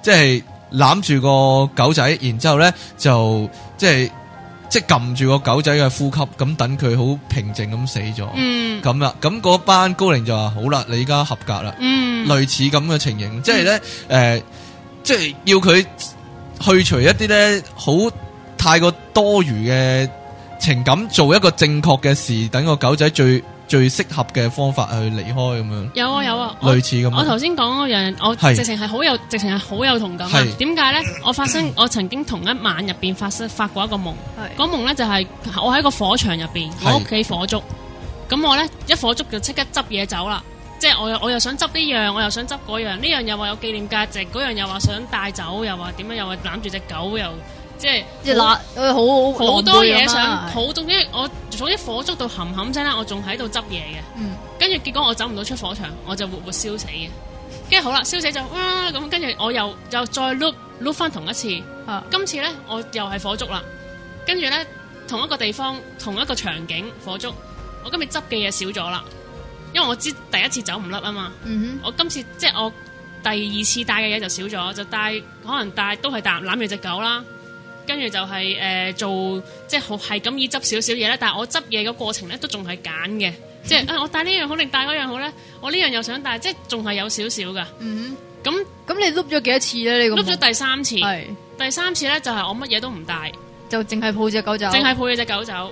即係攬住個狗仔，然之後咧就即係即係撳住個狗仔嘅呼吸，咁等佢好平靜咁死咗。咁啦、嗯，咁嗰班高靈就話好啦，你而家合格啦。嗯、類似咁嘅情形，即係咧誒，即係、嗯呃即係、要佢去除一啲咧好太過多餘嘅情感，做一個正確嘅事，等個狗仔最。最適合嘅方法去離開咁樣有、啊，有啊有啊，嗯、我類似咁樣。我頭先講嗰樣，是我直情係好有，直情係好有同感。點解是呢？我發生，我曾經同一晚入邊發生發過一個夢，嗰夢是呢，就係、是、我喺個火場入邊，我屋企火燭，咁是我呢，一火燭就即刻執嘢走啦。即係我又我又想執呢樣，我又想執嗰樣，呢樣又話有紀念價值，嗰樣又話想帶走，又話點樣又話攬住隻狗又。即係即係，好好我、嗯、多嘢想好。總之是我總之火燭到冚冚聲啦，我仲喺度執嘢嘅。跟住、嗯、結果我走唔到出火場，我就活活燒死嘅。跟住好啦，燒 死就啊咁，跟住我又又再碌碌翻同一次。啊、今次呢，我又係火燭啦。跟住呢，同一個地方同一個場景火燭，我今日執嘅嘢少咗啦，因為我知第一次走唔甩啊嘛。嗯、哼 我今次即係我第二次帶嘅嘢就少咗，就帶可能帶都係帶攬住隻狗啦。跟住就係、是、誒、呃、做即係好係咁易執少少嘢咧，但係我執嘢嘅過程咧都仲係揀嘅，即係啊我帶呢樣好定帶嗰樣好咧？我呢樣又想帶，即係仲係有少少噶。嗯，咁咁你碌咗幾多次咧？呢個碌咗第三次，係、嗯、第三次咧就係我乜嘢都唔帶，就淨、是、係抱隻狗走，淨係抱隻狗走，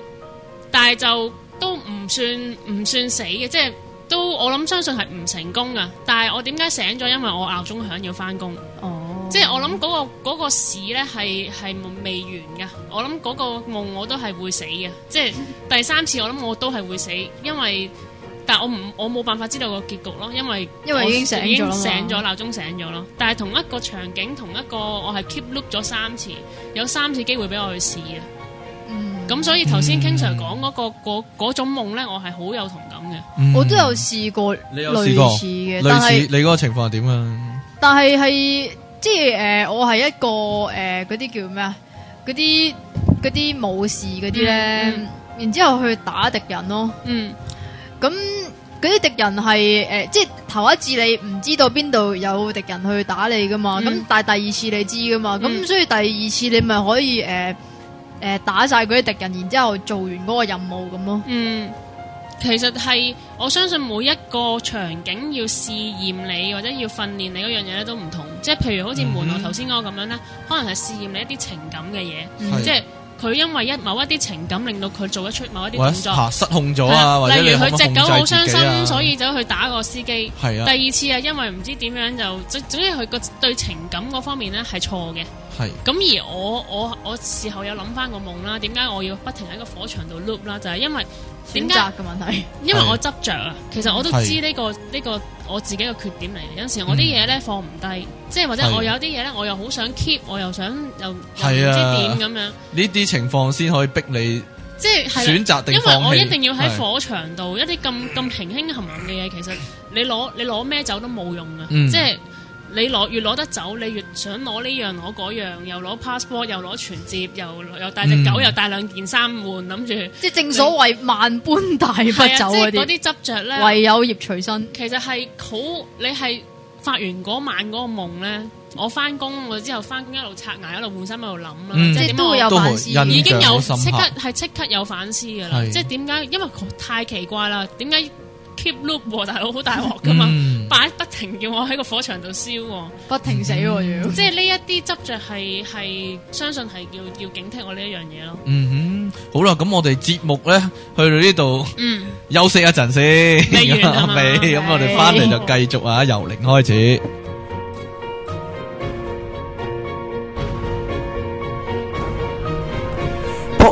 但係就都唔算唔算死嘅，即係都我諗相信係唔成功噶。但係我點解醒咗？因爲我鬧鐘響要翻工。哦。嗯即係我諗嗰個嗰個史咧係係未完噶我諗嗰個夢我都係會死嘅，即係第三次我諗我都係會死，因為但係我唔我冇辦法知道個結局咯，因為因為已經醒咗咯，醒咗鬧鐘醒咗咯，但係同一個場景同一個我係 keep loop 咗三次，有三次機會俾我去試啊，咁所以頭先 King Sir 講嗰個嗰嗰種夢咧，我係好有同感嘅，我都有試過類似嘅。你有試過？但係你嗰個情況係點啊？但係係。即係誒、呃，我係一個誒嗰啲叫咩啊？嗰啲嗰啲武士嗰啲咧，嗯嗯、然之後去打敵人咯。嗯，咁嗰啲敵人係誒、呃，即係頭一次你唔知道邊度有敵人去打你噶嘛？咁、嗯、但係第二次你知噶嘛？咁、嗯、所以第二次你咪可以誒誒、呃呃、打晒嗰啲敵人，然之後做完嗰個任務咁咯。嗯。其實係我相信每一個場景要試驗你或者要訓練你嗰樣嘢咧都唔同，即係譬如好似門羅頭先嗰個咁樣咧，嗯、哼可能係試驗你一啲情感嘅嘢是、嗯，即係佢因為一某一啲情感令到佢做得出某一啲動作，失控咗，例如佢隻狗好傷心，所以走去打個司機。啊、第二次啊，因為唔知點樣就總之佢個對情感嗰方面咧係錯嘅。係咁是而我我我，我事後有諗返個夢啦，點解我要不停喺個火場度 loop 啦？就係因為。點解？選擇嘅問題，因為我執着啊，其實我都知呢、這個呢是、這個這個我自己嘅缺點嚟。有陣時我啲嘢咧放唔低，嗯、即係或者我有啲嘢咧，我又好想 keep，我又想又唔知點咁、啊、樣。呢啲情況先可以逼你選擇定，即係選擇定放棄因為我一定要喺火場度，一啲咁咁平輕含含嘅嘢，其實你攞你攞咩走都冇用噶，嗯、即係。你攞越攞得走，你越想攞呢樣攞嗰樣，又攞 passport，又攞存摺，又又帶隻狗，嗯、又帶兩件衫換，諗住。即係正所謂萬般帶不走嗰啲。即係嗰啲執著咧，唯有業隨身。其實係好，你係發完嗰晚嗰個夢咧，我翻工，我之後翻工一路刷牙，一路換衫，喺度諗啦。嗯、即係點解會有反思？已經有即刻係即刻有反思嘅啦。即係點解？因為太奇怪啦。點解？Keep loop 喎，大佬好大鑊噶嘛，嗯、擺不停叫我喺個火場度燒，不停死喎，嗯、要即係呢一啲執着係係相信係要要警惕我呢一樣嘢咯。嗯哼，好啦，咁我哋節目咧去到呢度休息一陣先，未完，咁我哋翻嚟就繼續啊，由零開始。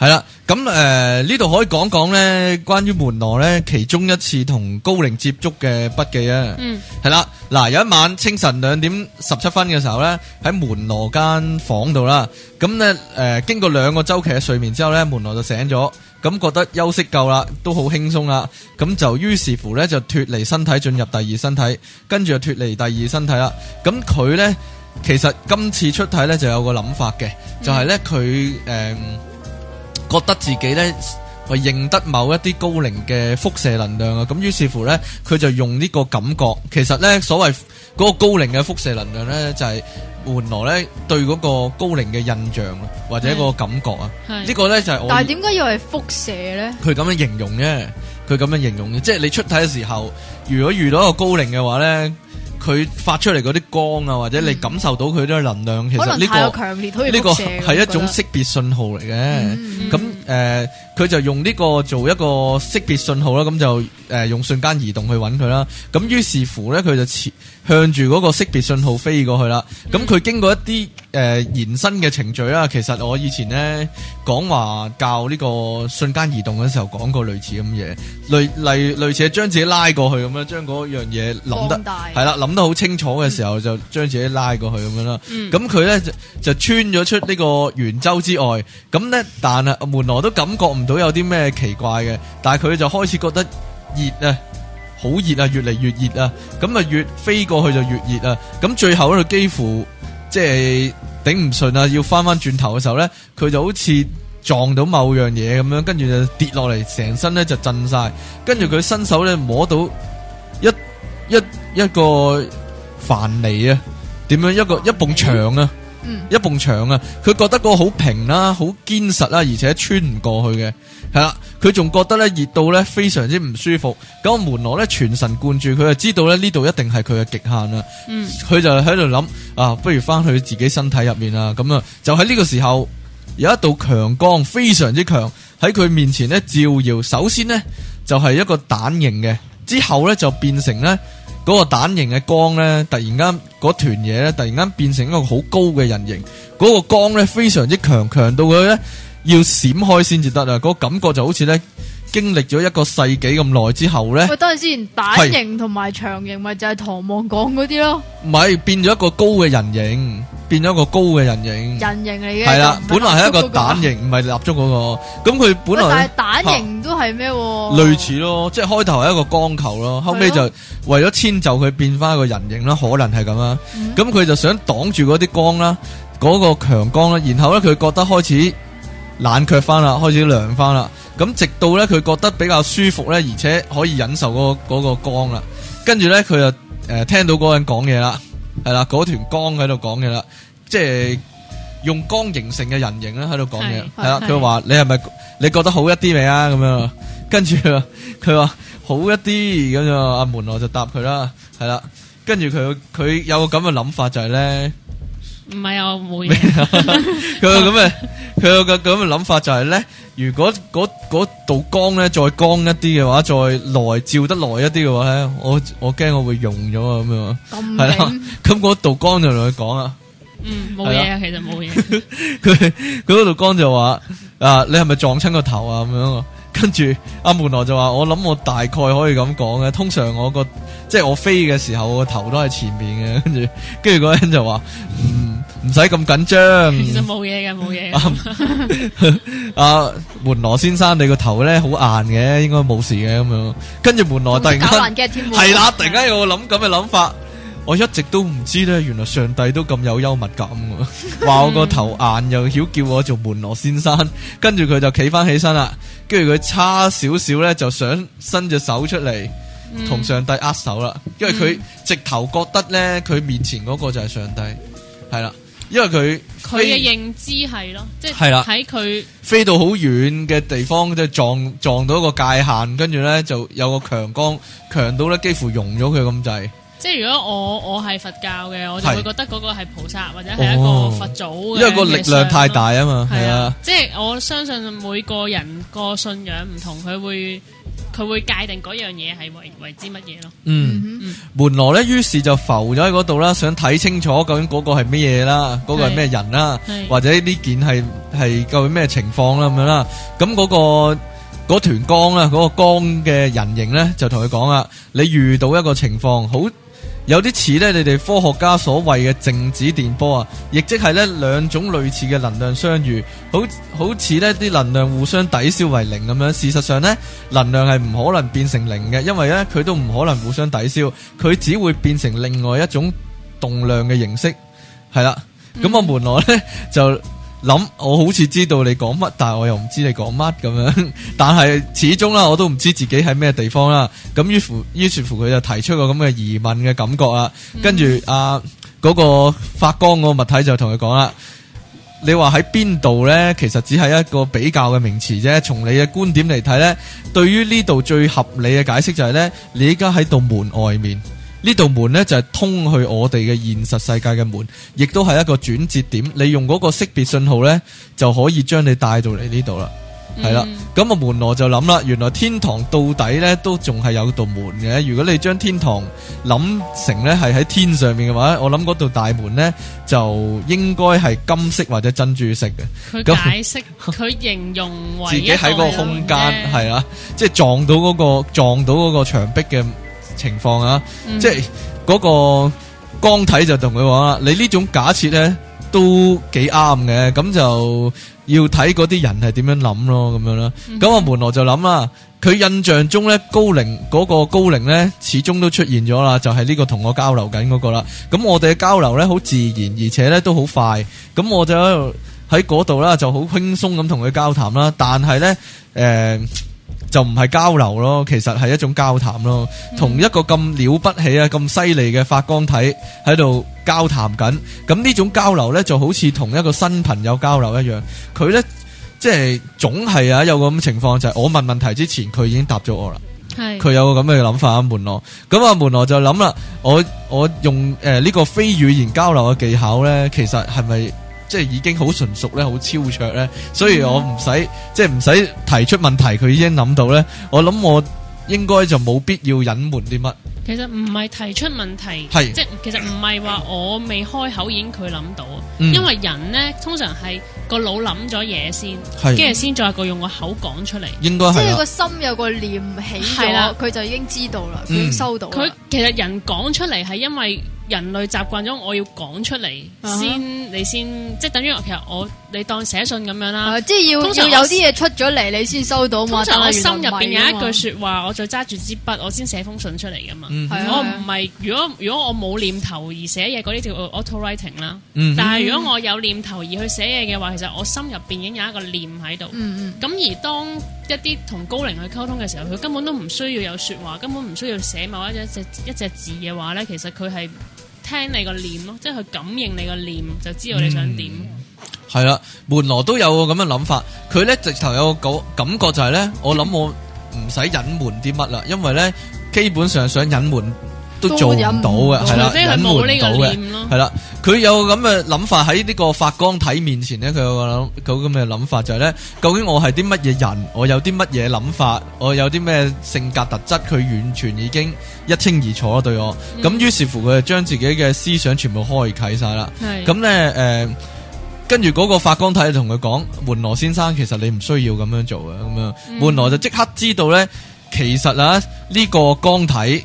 係啦，咁誒呢度可以講講呢，關於門羅呢，其中一次同高靈接觸嘅筆記啊。嗯，係啦，嗱，有一晚清晨兩點十七分嘅時候呢，喺門羅間房度啦。咁呢，誒、呃、經過兩個週期嘅睡眠之後呢，門羅就醒咗，咁覺得休息夠啦，都好輕鬆啦。咁就於是乎呢，就脫離身體進入第二身體，跟住就脫離第二身體啦。咁佢呢，其實今次出體呢，就有個諗法嘅，就係、是、呢，佢誒、嗯。覺得自己呢，我認得某一啲高靈嘅輻射能量啊，咁於是乎呢，佢就用呢個感覺。其實呢，所謂嗰個高靈嘅輻射能量呢，就係換來呢對嗰個高靈嘅印象啊，或者個感覺啊。係呢個呢就係我。但係點解要係輻射呢？佢咁樣形容嘅，佢咁樣形容嘅，即係你出體嘅時候，如果遇到一個高靈嘅話呢。佢發出嚟嗰啲光啊，或者你感受到佢啲能量，嗯、其實呢、呢個呢個係一種識別信號嚟嘅。咁誒。佢就用呢個做一個識別信號啦，咁就誒、呃、用瞬間移動去揾佢啦。咁於是乎咧，佢就朝向住個識別信號飛過去啦。咁佢、嗯、經過一啲誒、呃、延伸嘅程序啦，其實我以前咧講話教呢個瞬間移動嗰時候講過類似咁嘢，類類類似係將自己拉過去咁樣將樣嘢諗得係啦，諗大得好清楚嘅時候、嗯、就將自己拉過去咁樣啦。咁佢咧就穿咗出呢個圓周之外，咁咧但係阿門羅都感覺唔都有啲咩奇怪嘅，但係佢就開始覺得熱啊，好熱啊，越嚟越熱啊，咁啊越飛過去就越熱啊，咁最後咧佢幾乎即係頂唔順啊，要翻翻轉頭嘅時候咧，佢就好似撞到某樣嘢咁樣，跟住就跌落嚟，成身咧就震晒，跟住佢伸手咧摸到一一一,一個樊籬啊，點樣一個一埲牆啊？嗯、一埲牆啊，佢覺得嗰個好平啦，啊，好堅實啦，啊，而且穿唔過去嘅，係啦，佢仲覺得咧熱到咧非常之唔舒服。咁門羅咧全神貫注，佢就知道咧呢度一定係佢嘅極限啦。佢、嗯、就喺度諗啊，不如翻去自己身體入面啦。咁啊，就喺呢個時候有一道強光非常之強喺佢面前咧照耀。首先呢，就係、是、一個蛋形嘅，之後咧就變成咧。嗰個蛋形嘅光咧，突然間嗰團嘢咧，突然間變成一個好高嘅人形，嗰、那個光咧非常之強，強到佢咧要閃開先至得喇。嗰、那個、感覺就好似咧。經歷咗一個世紀咁耐之後咧，佢都係之前蛋形同埋長形咪是就係唐望講嗰啲咯，唔係變咗一個高嘅人形，變咗一個高嘅人形，人形嚟嘅係啦，的本來係一個蛋形，唔係立足嗰個，咁佢本來但蛋形都係咩、啊啊？類似咯，即係開頭係一個光球咯，後尾就為咗遷就佢變翻一個人形啦，可能係咁啦，咁佢的就想擋住嗰啲光啦，嗰、嗰個強光啦，然後咧佢覺得開始。冷卻翻啦，開始涼翻啦。咁直到咧佢覺得比較舒服咧，而且可以忍受嗰嗰個光啦。跟住咧佢就誒聽到嗰個人講嘢啦，係啦，嗰團光喺度講嘢啦，即係用光形成嘅人形咧喺度講嘢，係啦。佢話：「你係咪你覺得好一啲未啊？咁樣。跟住佢話好一啲，咁就阿門羅就答佢啦，係啦。跟住佢佢有個咁嘅諗法就係咧。唔係啊，我冇嘢。佢有咁嘅佢有個咁嘅諗法就係、是、咧，如果嗰道光咧再光一啲嘅話，再耐照得耐一啲嘅話咧，我我驚我會溶咗啊咁樣。咁靚，咁嗰道光就同佢講啊。嗯，冇嘢啊，的其實冇嘢。佢佢嗰道光就話：啊，你係咪撞親個頭啊？咁樣。跟住阿、啊、門羅就話，我諗我大概可以咁講嘅，通常我個即係我飛嘅時候個頭都係前面嘅，跟住跟住嗰人就話唔唔使咁緊張，嗯、緊張其實冇嘢嘅，冇嘢。阿、啊 啊、門羅先生你個頭咧好硬嘅，應該冇事嘅咁樣。跟住門羅突然間係啦， 突然間有個諗咁嘅諗法。我一直都唔知咧，原來上帝都咁有幽默感，話我個頭硬又曉叫我做門羅先生， 跟住佢就企翻起身啦，跟住佢差少少咧就想伸隻手出嚟同、嗯、上帝握手啦，因為佢直頭覺得咧佢面前嗰個就係上帝，係啦，因為佢佢嘅認知係咯，即係喺佢飛到好遠嘅地方，即係撞撞到一個界限，跟住咧就有個強光強到咧幾乎融咗佢咁滯。即係如果我我係佛教嘅，我就會覺得嗰個係菩薩或者係一個佛祖，哦、因為個力量太大啊嘛，係啊。即係我相信每個人個信仰唔同，佢會佢會界定嗰樣嘢係為為之乜嘢咯。嗯嗯。門羅咧，於是就浮咗喺嗰度啦，想睇清楚究竟嗰個係乜嘢啦，嗰、嗰個係咩人啦，係啊、或者呢件係係究竟咩情況啦咁樣啦。咁、嗰、嗰個嗰團光啦，嗰、嗰個光嘅人形咧，就同佢講啦：，你遇到一個情況好。有啲似咧，你哋科學家所謂嘅靜止電波啊，亦即係呢兩種類似嘅能量相遇，好好似呢啲能量互相抵消為零咁樣。事實上呢，能量係唔可能變成零嘅，因為呢，佢都唔可能互相抵消，佢只會變成另外一種動量嘅形式。係啦，咁、嗯、我門羅呢，就諗我好似知道你講乜，但係我又唔知你講乜咁樣。但係始終啦，我都唔知自己喺咩地方啦。咁於是乎，於是乎佢就提出個咁嘅疑問嘅感覺啦。跟住、嗯、啊，嗰、嗰個發光嗰個物體就同佢講啦：「你話喺邊度呢？其實只係一個比較嘅名詞啫。從你嘅觀點嚟睇呢，對於呢度最合理嘅解釋就係呢：「你依家喺度門外面。」呢道門呢，就係、是、通去我哋嘅現實世界嘅門，亦都係一個轉折點。你用嗰個識別信號呢，就可以將你帶到嚟呢度啦。係啦、嗯，咁啊門羅就諗啦，原來天堂到底呢都仲係有道門嘅。如果你將天堂諗成呢係喺天上面嘅話，我諗嗰道大門呢，就應該係金色或者珍珠色嘅。佢解釋，佢那 形容自己喺個空間係啊，即係撞到嗰、那個 撞到嗰個牆壁嘅。情況啊，嗯、即係嗰、那個光體就同佢講啦。你呢種假設呢都幾啱嘅，咁就要睇嗰啲人係點樣諗咯，咁樣啦。咁阿、嗯、門羅就諗啦，佢印象中呢，高齡嗰、那個高齡呢始終都出現咗啦，就係、是、呢個同我交流緊嗰個啦。咁我哋嘅交流呢好自然，而且呢都好快。咁我就喺嗰度啦，就好輕鬆咁同佢交談啦。但係呢，誒、呃。就唔係交流咯，其實係一種交談咯，同、嗯、一個咁了不起啊、咁犀利嘅發光體喺度交談緊，咁呢種交流呢，就好似同一個新朋友交流一樣，佢呢，即係總係啊有個咁情況就係、是、我問問題之前佢已經答咗我啦，佢是有個咁嘅諗法阿、啊、門羅，咁阿門羅就諗啦，我我用誒呢、呃這個非語言交流嘅技巧呢，其實係咪？即係已經好純熟咧，好超卓咧，所以我唔使、嗯、即係唔使提出問題，佢已經諗到咧。我諗我應該就冇必要隱瞞啲乜。其實唔係提出問題，是即係其實唔係話我未開口已經佢諗到，嗯、因為人咧通常係個腦諗咗嘢先，跟住先再個用個口講出嚟。應該係、啊、即係個心有個念起咗，佢、啊、就已經知道啦，佢收到。佢其實人講出嚟係因為。人類習慣咗我要講出嚟、uh huh. 先，你先即係等於其實我你當寫信咁樣啦，uh, 即係要通常要有啲嘢出咗嚟，我你先收到嘛。通常我，我心入邊有一句説話，話我再揸住支筆，我先寫封信出嚟噶嘛。Mm hmm. 我唔係如果如果我冇念頭而寫嘢嗰啲叫 auto writing 啦，但係如果我有念頭而去寫嘢嘅話，其實我心入邊已經有一個念喺度。咁、mm hmm. 而當一啲同高靈去溝通嘅時候，佢根本都唔需要有説話，根本唔需要寫某一隻一隻字嘅話咧，其實佢係。聽你個念咯，即係佢感應你個念，就知道你想點。係啦、嗯，門羅都有咁嘅諗法。佢咧直頭有個感感覺就係、是、咧，我諗我唔使隱瞞啲乜啦，因為咧基本上想隱瞞都做唔到嘅，係啦，忍唔到嘅，係啦。佢 有咁嘅諗法喺呢個發光體面前咧，佢有個諗，有咁嘅諗法就係、是、呢：究竟我係啲乜嘢人，我有啲乜嘢諗法，我有啲咩性格特質，佢完全已經一清二楚啦。對我咁，於、嗯、是乎佢就將自己嘅思想全部開啟晒啦。係咁咧，誒，跟住嗰個發光體就同佢講，門羅先生，其實你唔需要咁樣做嘅。咁樣，門羅就即刻知道呢，嗯、其實啦，呢個光體。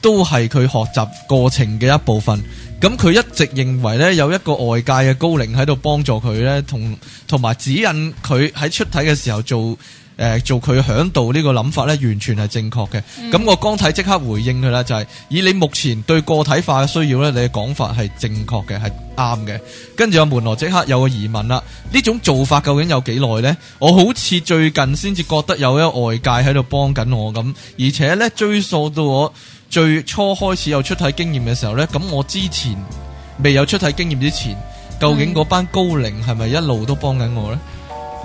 都係佢學習過程嘅一部分。咁佢一直認為咧，有一個外界嘅高靈喺度幫助佢咧，同同埋指引佢喺出體嘅時候做，誒、呃、做佢嚮導呢個諗法咧，完全係正確嘅。咁、嗯、我光體即刻回應佢啦，就係、是、以你目前對個體化嘅需要咧，你嘅講法係正確嘅，係啱嘅。跟住阿門羅即刻有個疑問啦，呢種做法究竟有幾耐呢？我好似最近先至覺得有一個外界喺度幫緊我咁，而且咧，追溯到我。最初開始有出體經驗嘅時候呢，咁我之前未有出體經驗之前，究竟嗰班高靈係咪一路都幫緊我呢？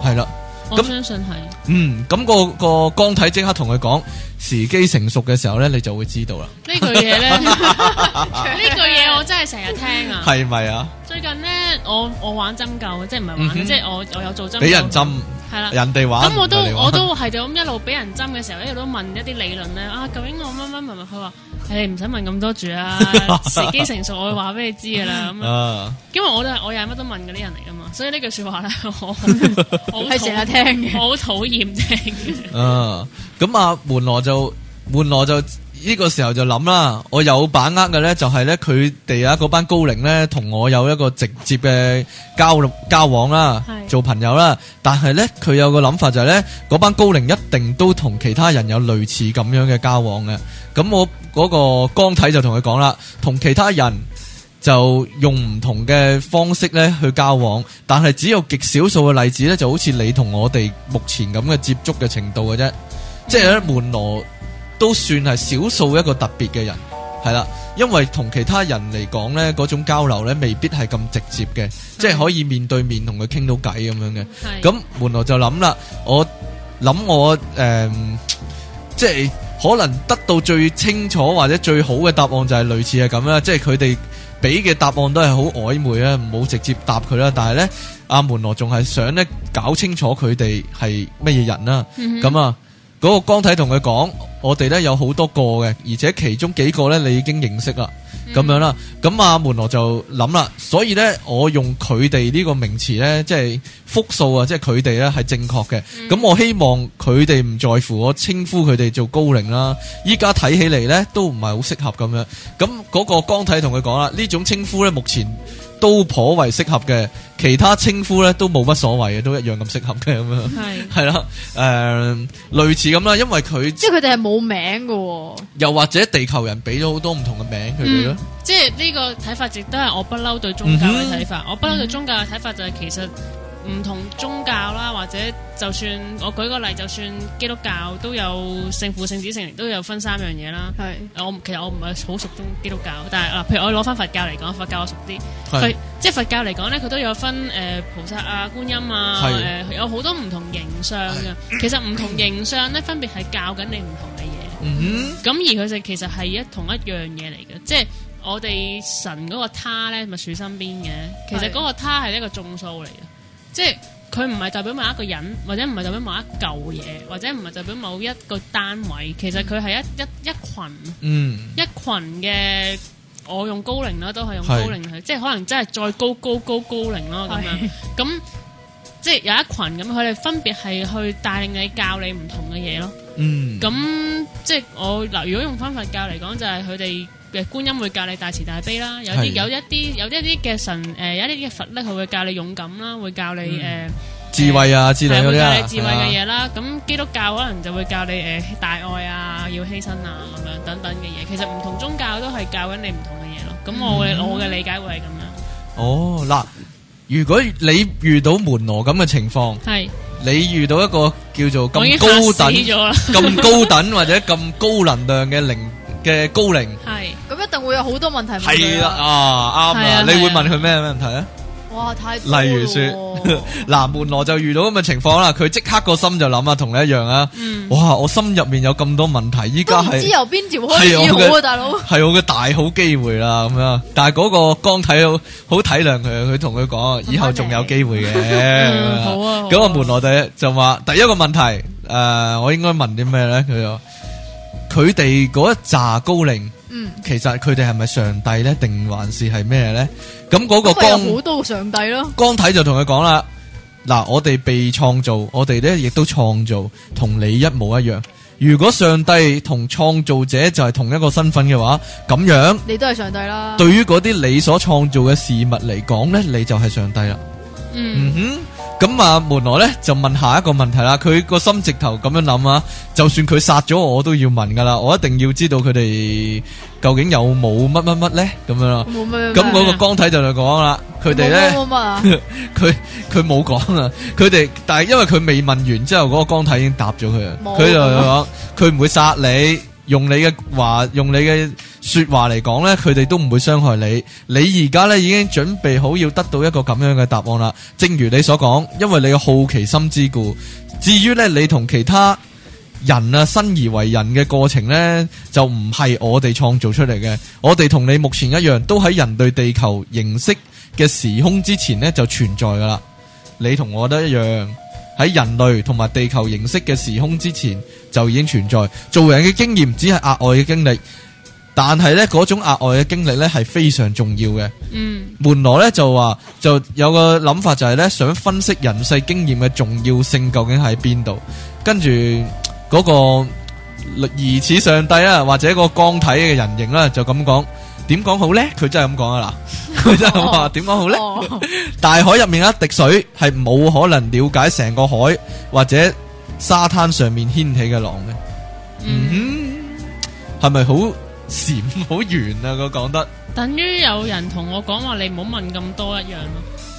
係啦，我相信係。嗯，咁、嗰個個光體即刻同佢講。時機成熟嘅時候咧，你就會知道啦。呢句嘢咧，呢句嘢我真係成日聽啊。係咪啊？最近咧，我我玩針灸，即係唔係玩，即係我我有做針灸。俾人針係啦，人哋玩。咁我都我都係就咁一路俾人針嘅時候，一路都問一啲理論咧。啊究竟我乜乜問問佢話，你唔使問咁多住啊。時機成熟，我會話俾你知噶啦。咁啊，因為我都我又係乜都問嗰啲人嚟噶嘛，所以呢句說話咧，我我成日聽嘅，好討厭聽嘅啊。咁啊，門羅就門羅就呢、這個時候就諗啦，我有把握嘅呢就係呢。佢哋啊嗰班高靈呢，同我有一個直接嘅交交往啦，是做朋友啦。但係呢，佢有個諗法就係呢：嗰班高靈一定都同其他人有類似咁樣嘅交往嘅。咁我嗰個光體就同佢講啦，同其他人就用唔同嘅方式呢去交往，但係只有極少數嘅例子呢，就好似你同我哋目前咁嘅接觸嘅程度嘅啫。即係咧，門羅都算係少數一個特別嘅人，係啦，因為同其他人嚟講呢，嗰種交流咧，未必係咁直接嘅，的即係可以面對面同佢傾到偈咁樣嘅。咁的，門羅就諗啦，我諗我誒、呃，即係可能得到最清楚或者最好嘅答案就係類似係咁啦，即係佢哋俾嘅答案都係好曖昧啊，唔好直接答佢啦。但係呢，阿、啊、門羅仲係想呢，搞清楚佢哋係乜嘢人啦，咁啊。嗯哼嗰個光體同佢講：我哋咧有好多個嘅，而且其中幾個咧你已經認識啦，咁、嗯、樣啦。咁、啊、阿門羅就諗啦，所以呢，我用佢哋呢個名詞呢，即係複數啊，即係佢哋呢係正確嘅。咁、嗯、我希望佢哋唔在乎我稱呼佢哋做高靈啦。依家睇起嚟呢都唔係好適合咁樣。咁、那、嗰個光體同佢講啦，呢種稱呼呢，目前，都頗為適合嘅，其他稱呼咧都冇乜所謂嘅，都一樣咁適合嘅咁樣，係係啦，誒、 呃、類似咁啦，因為佢即係佢哋係冇名㗎、哦，又或者地球人俾咗好多唔同嘅名佢哋咯，嗯、即係呢個睇法，亦都係我不嬲對宗教嘅睇法，嗯、哼我不嬲對宗教嘅睇法就係其實。唔同宗教啦，或者就算我舉個例，就算基督教都有聖父、聖子、聖靈，都有分三樣嘢啦。係是我其實我唔係好熟中基督教，但係嗱、啊，譬如我攞翻佛教嚟講，佛教我熟啲是。即係佛教嚟講咧，佢都有分誒、呃、菩薩啊、觀音啊，是呃、有好多唔同形象嘅。是其實唔同形象咧，分別係教緊你唔同嘅嘢。嗯咁而佢哋其實係一同一樣嘢嚟嘅，即係我哋神嗰個他咧，咪處身邊嘅。其實嗰個他係一個眾數嚟嘅。即係佢唔係代表某一個人，或者唔係代表某一嚿嘢，或者唔係代表某一個單位。其實佢係一一一羣，一群嘅、嗯。我用高靈啦，都係用高靈去，是即係可能真係再高高高高靈咯咁樣。咁是即係有一群。咁，佢哋分別係去帶領你教你唔同嘅嘢咯。咁、嗯、即係我嗱、呃，如果用佛法教嚟講，就係佢哋。觀音會教你大慈大悲啦，有啲有一啲有一啲嘅神誒，有一啲嘅佛咧，佢會教你勇敢啦，會教你誒智慧啊，智慧嘅嘢啦。咁基督教可能就會教你誒大愛啊，要犧牲啊咁樣等等嘅嘢。其實唔同宗教都係教緊你唔同嘅嘢咯。咁我嘅我嘅理解會係咁樣。哦，嗱，如果你遇到門羅咁嘅情況，係你遇到一個叫做咁高等咁高等或者咁高能量嘅靈。嘅高齡係咁，一定會有好多問題，係啦啊，啱啊，你會問佢咩咩問題咧？哇，太例如說，嗱，門羅就遇到咁嘅情況啦，佢即刻個心就諗啊，同你一樣啊！哇，我心入面有咁多問題，依家係唔知由邊條開始好，大佬係我嘅大好機會啦咁樣。但係嗰個剛睇到，好體諒佢，佢同佢講，以後仲有機會嘅。好啊。咁阿門羅第就話第一個問題，誒，我應該問啲咩咧？佢就。佢哋嗰一扎高靈，嗯，其實佢哋係咪上帝呢？定還是係咩呢？咁嗰個光，好多上帝咯。光體就同佢講啦，嗱，我哋被創造，我哋咧亦都創造，同你一模一樣。如果上帝同創造者就係同一個身份嘅話，咁樣你都係上帝啦。對於嗰啲你所創造嘅事物嚟講呢，你就係上帝啦。嗯，嗯哼。咁啊，門羅咧就問下一個問題啦。佢個心直頭咁樣諗啊，就算佢殺咗我都要問㗎啦，我一定要知道佢哋究竟有冇乜乜乜咧咁樣咯。冇乜。咁嗰個光體就係講啦，佢哋咧，佢佢冇講啊，佢哋， 但係因為佢未問完之後，嗰、那個光體已經答咗佢啊，佢就講，佢唔 會殺你。用你嘅話，用你嘅說話嚟講呢，佢哋都唔會傷害你。你而家呢，已經準備好要得到一個咁樣嘅答案啦。正如你所講，因為你嘅好奇心之故。至於呢，你同其他人啊，生而為人嘅過程呢，就唔係我哋創造出嚟嘅。我哋同你目前一樣，都喺人類地球形式嘅時空之前呢，就存在噶啦。你同我都一樣，喺人類同埋地球形式嘅時空之前。就已經存在，做人嘅經驗只係額外嘅經歷，但係呢嗰種額外嘅經歷呢係非常重要嘅。嗯，門羅呢就話就有個諗法就係呢，想分析人世經驗嘅重要性究竟喺邊度，跟住嗰個疑似上帝啊或者個光體嘅人形啦就咁講，點講好呢？佢真係咁講啊嗱，佢真係話點講好呢？大海入面一滴水係冇可能了解成個海或者。沙灘上面掀起嘅浪咧，嗯，係咪好閃好圓啊？佢講得等於有人同我講話，你唔好問咁多一樣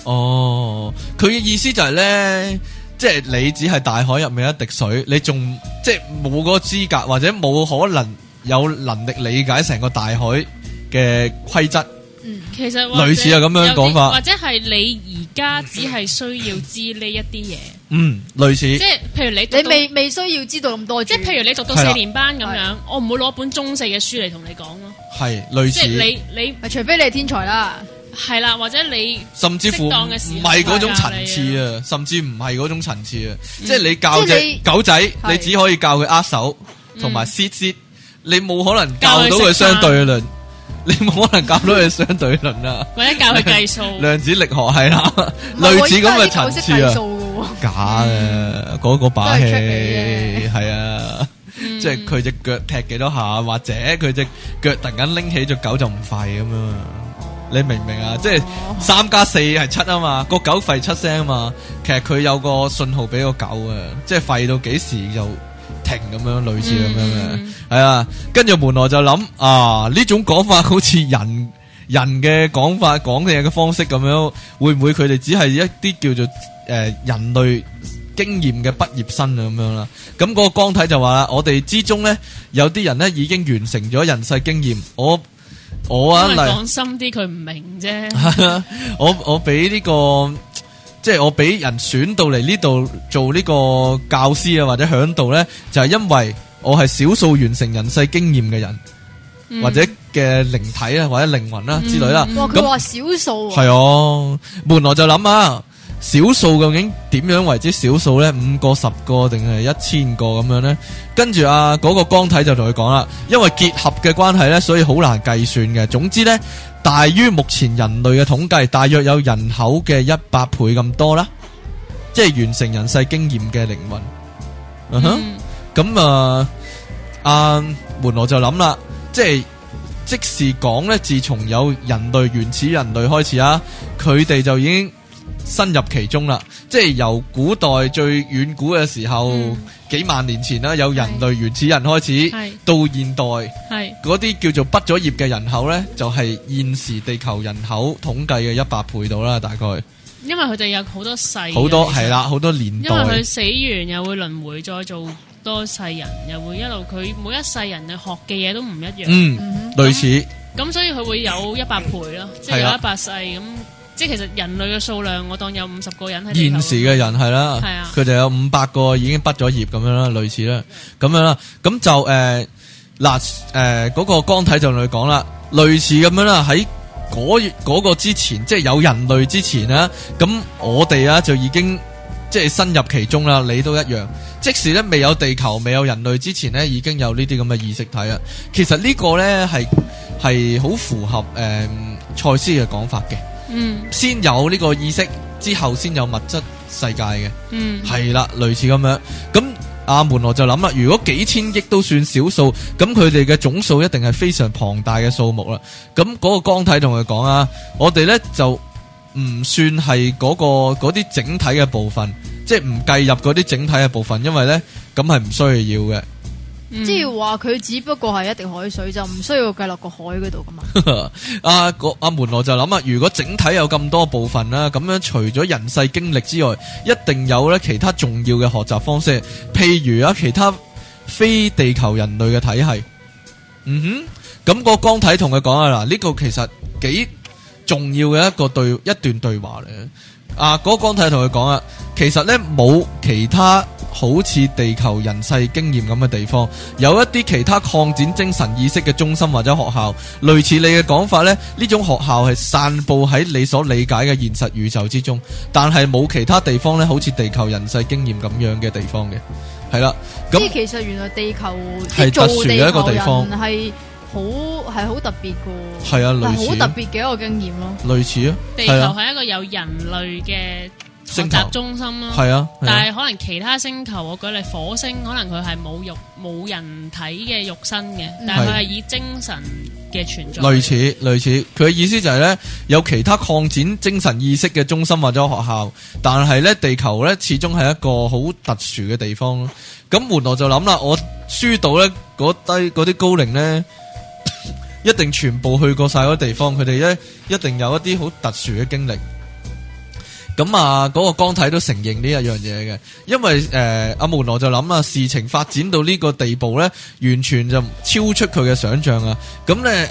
咯。哦，佢嘅意思就係呢，即係你只係大海入面一滴水，你仲即係冇嗰個資格或者冇可能有能力理解成個大海嘅規則。其實類似啊咁樣講法，或者係你而家只係需要知呢一啲嘢。嗯，類似。即係譬如你你未未需要知道咁多，即係譬如你讀到四年班咁樣，我唔會攞本中四嘅書嚟同你講咯。係類似。即係你你，除非你係天才啦，係啦，或者你甚至乎唔係嗰種層次啊，甚至唔係嗰種層次啊。即係你教隻狗仔，你只可以教佢握手同埋 sit sit，你冇可能教到佢相對論。你冇可能教到佢相對論啊！我一教佢計數，量 子力學係啦，嗯、 類似咁嘅層次啊。假嘅、嗯，嗰個把戲係啊，即係佢隻腳踢幾多下，或者佢隻腳突然間拎起隻狗就唔吠咁樣。你明唔明啊？哦、即係三加四係七啊嘛，個狗吠七聲啊嘛。其實佢有個信號俾個狗啊，即係吠到幾時就。停咁樣，類似咁樣嘅，係、嗯、啊。跟住門羅就諗啊，呢種講法好似人人嘅講法講嘢嘅方式咁樣，會唔會佢哋只係一啲叫做誒、呃、人類經驗嘅畢業生咁樣啦？咁嗰個光體就話啦，我哋之中呢，有啲人呢已經完成咗人世經驗，我我啊講深啲，佢唔明啫。我 我俾呢、這個。即係我俾人選到嚟呢度做呢個教師啊，或者響度咧，就係因為我係少數完成人世經驗嘅人，或者嘅靈體啊，或者靈魂啦之類啦。哇！佢話少數係哦，門羅就諗啊，少數究竟點樣為之少數咧？五個、十個定係一千個咁樣咧？跟住啊，嗰個光體就同佢講啦，因為結合嘅關係咧，所以好難計算嘅。總之咧。大於目前人類嘅統計，大約有人口嘅一百倍咁多啦，即係完成人世經驗嘅靈魂。嗯哼，咁啊，阿門羅就諗啦，即係即使講呢，自從有人類原始人類開始啊，佢哋就已經深入其中啦，即係由古代最遠古嘅時候。幾萬年前啦，有人類原始人開始，到現代，嗰啲叫做畢咗業嘅人口咧，就係現時地球人口統計嘅一百倍到啦，大概。因為佢哋有好多世，好多係啦，好多年，因為佢死完又會輪回，再做多世人，又會一路，佢每一世人嘅學嘅嘢都唔一樣。嗯，類似。咁所以佢會有一百倍咯，即係有一百世咁。即係其實人類嘅數量，我當有五十個人喺度。現時嘅人係啦，佢就的有五百個已經畢咗業咁樣啦，類似啦，咁樣啦，咁就誒嗱誒嗰個光體就同你講啦，類似咁樣啦。喺嗰個之前，即係有人類之前咧，咁我哋啊就已經即係深入其中啦。你都一樣，即使咧未有地球未有人類之前咧，已經有呢啲咁嘅意識體啦。其實呢個咧係係好符合誒賽斯嘅講法嘅。嗯，先有呢個意識之後，先有物質世界嘅，嗯，係啦，類似咁樣。咁阿門羅就諗啦，如果幾千億都算少數，咁佢哋嘅總數一定係非常龐大嘅數目啦。咁嗰個光體同佢講啊，我哋呢就唔算係嗰個嗰啲整體嘅部分，即係唔計入嗰啲整體嘅部分，因為呢咁係唔需要嘅。即係話佢只不過係一滴海水，就唔需要計落個海嗰度噶嘛？阿阿、 啊啊、門羅就諗啊，如果整體有咁多部分啦，咁樣除咗人世經歷之外，一定有咧其他重要嘅學習方式，譬如啊，其他非地球人類嘅體系。嗯哼，咁個光體同佢講啊，嗱、這、呢個其實幾重要嘅一個對一段對話嚟。阿、啊那個光體同佢講啊，其實咧冇其他。好似地球人世經驗咁嘅地方，有一啲其他擴展精神意識嘅中心或者學校，類似你嘅講法呢，呢種學校係散布喺你所理解嘅現實宇宙之中，但係冇其他地方呢，好似地球人世經驗咁樣嘅地方嘅，係啦。咁即係其實原來地球係做地球人係好係好特別噶，係啊，類似好特別嘅一個經驗咯，類似啊，似啊地球係一個有人類嘅學習中心啦，係球啊，但係可能其他星球，我舉例火星，可能佢係冇肉冇人體嘅肉身嘅，嗯、但係佢係以精神嘅存在。類似類似，佢嘅意思就係、是、呢：有其他擴展精神意識嘅中心或者學校，但係呢，地球呢，始終係一個好特殊嘅地方咯。咁門羅就諗啦，我輸到呢嗰低嗰啲高靈呢， 一定全部去過晒嗰啲地方，佢哋呢，一定有一啲好特殊嘅經歷。咁啊，嗰個光體都承認呢一樣嘢嘅，因為誒阿門羅就諗啊，事情發展到呢個地步咧，完全就超出佢嘅想象啊！咁咧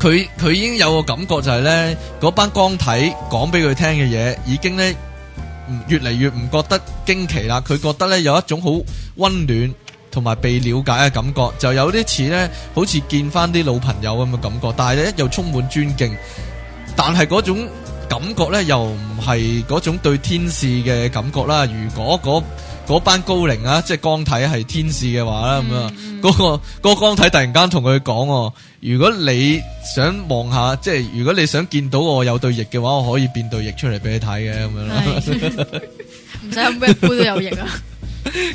誒，佢佢已經有個感覺就係咧，嗰班光體講俾佢聽嘅嘢，已經咧唔越嚟越唔覺得驚奇啦。佢覺得咧有一種好溫暖同埋被了解嘅感覺，就有啲似咧好似見翻啲老朋友咁嘅感覺，但係咧又充滿尊敬，但係嗰種。感覺咧，又唔係嗰種對天使嘅感覺啦。如果嗰嗰班高靈啊，即係光體係天使嘅話啦，咁啊，嗰個嗰光體突然間同佢講：如果你想望下，即係如果你想見到我有對翼嘅話，我可以變對翼出嚟俾你睇嘅咁樣啦。唔使咩？般都有翼啊。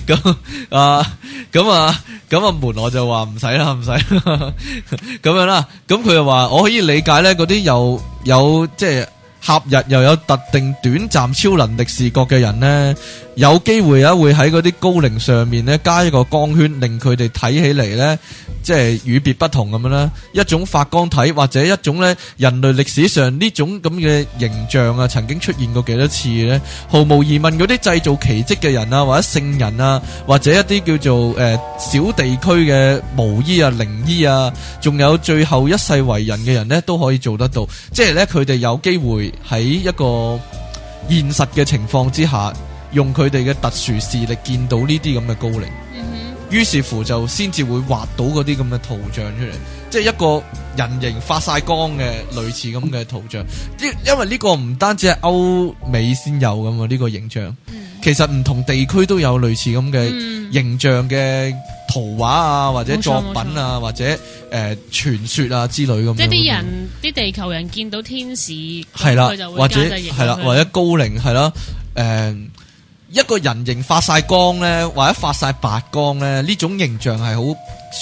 咁啊，咁啊，咁啊門我就話唔使啦，唔使咁樣啦。咁佢又話我可以理解咧，嗰啲有有即係。合日又有特定短暫超能力視覺嘅人呢？有機會啊，會喺嗰啲高齡上面咧加一個光圈，令佢哋睇起嚟呢，即係與別不同咁樣啦。一種發光體或者一種呢，人類歷史上呢種咁嘅形象啊，曾經出現過幾多次呢？毫無疑問，嗰啲製造奇蹟嘅人啊，或者聖人啊，或者一啲叫做誒、呃、小地區嘅巫醫啊、靈醫啊，仲有最後一世為人嘅人呢，都可以做得到。即係呢，佢哋有機會喺一個現實嘅情況之下。用佢哋嘅特殊視力見到呢啲咁嘅高靈，mm hmm. 於是乎就先至會畫到嗰啲咁嘅圖像出嚟，即係一個人形發晒光嘅類似咁嘅圖像。因因為呢個唔單止係歐美先有咁啊，呢、呢個形象其實唔同地區都有類似咁嘅形象嘅圖畫啊，mm hmm. 或者作品啊，錯或者誒錯、呃、傳說啊之類咁。即係啲人啲地球人見到天使，係啦，或者係啦，或者高靈係咯，誒。呃呃呃一個人形發晒光咧，或者發晒白光咧，呢種形象係好，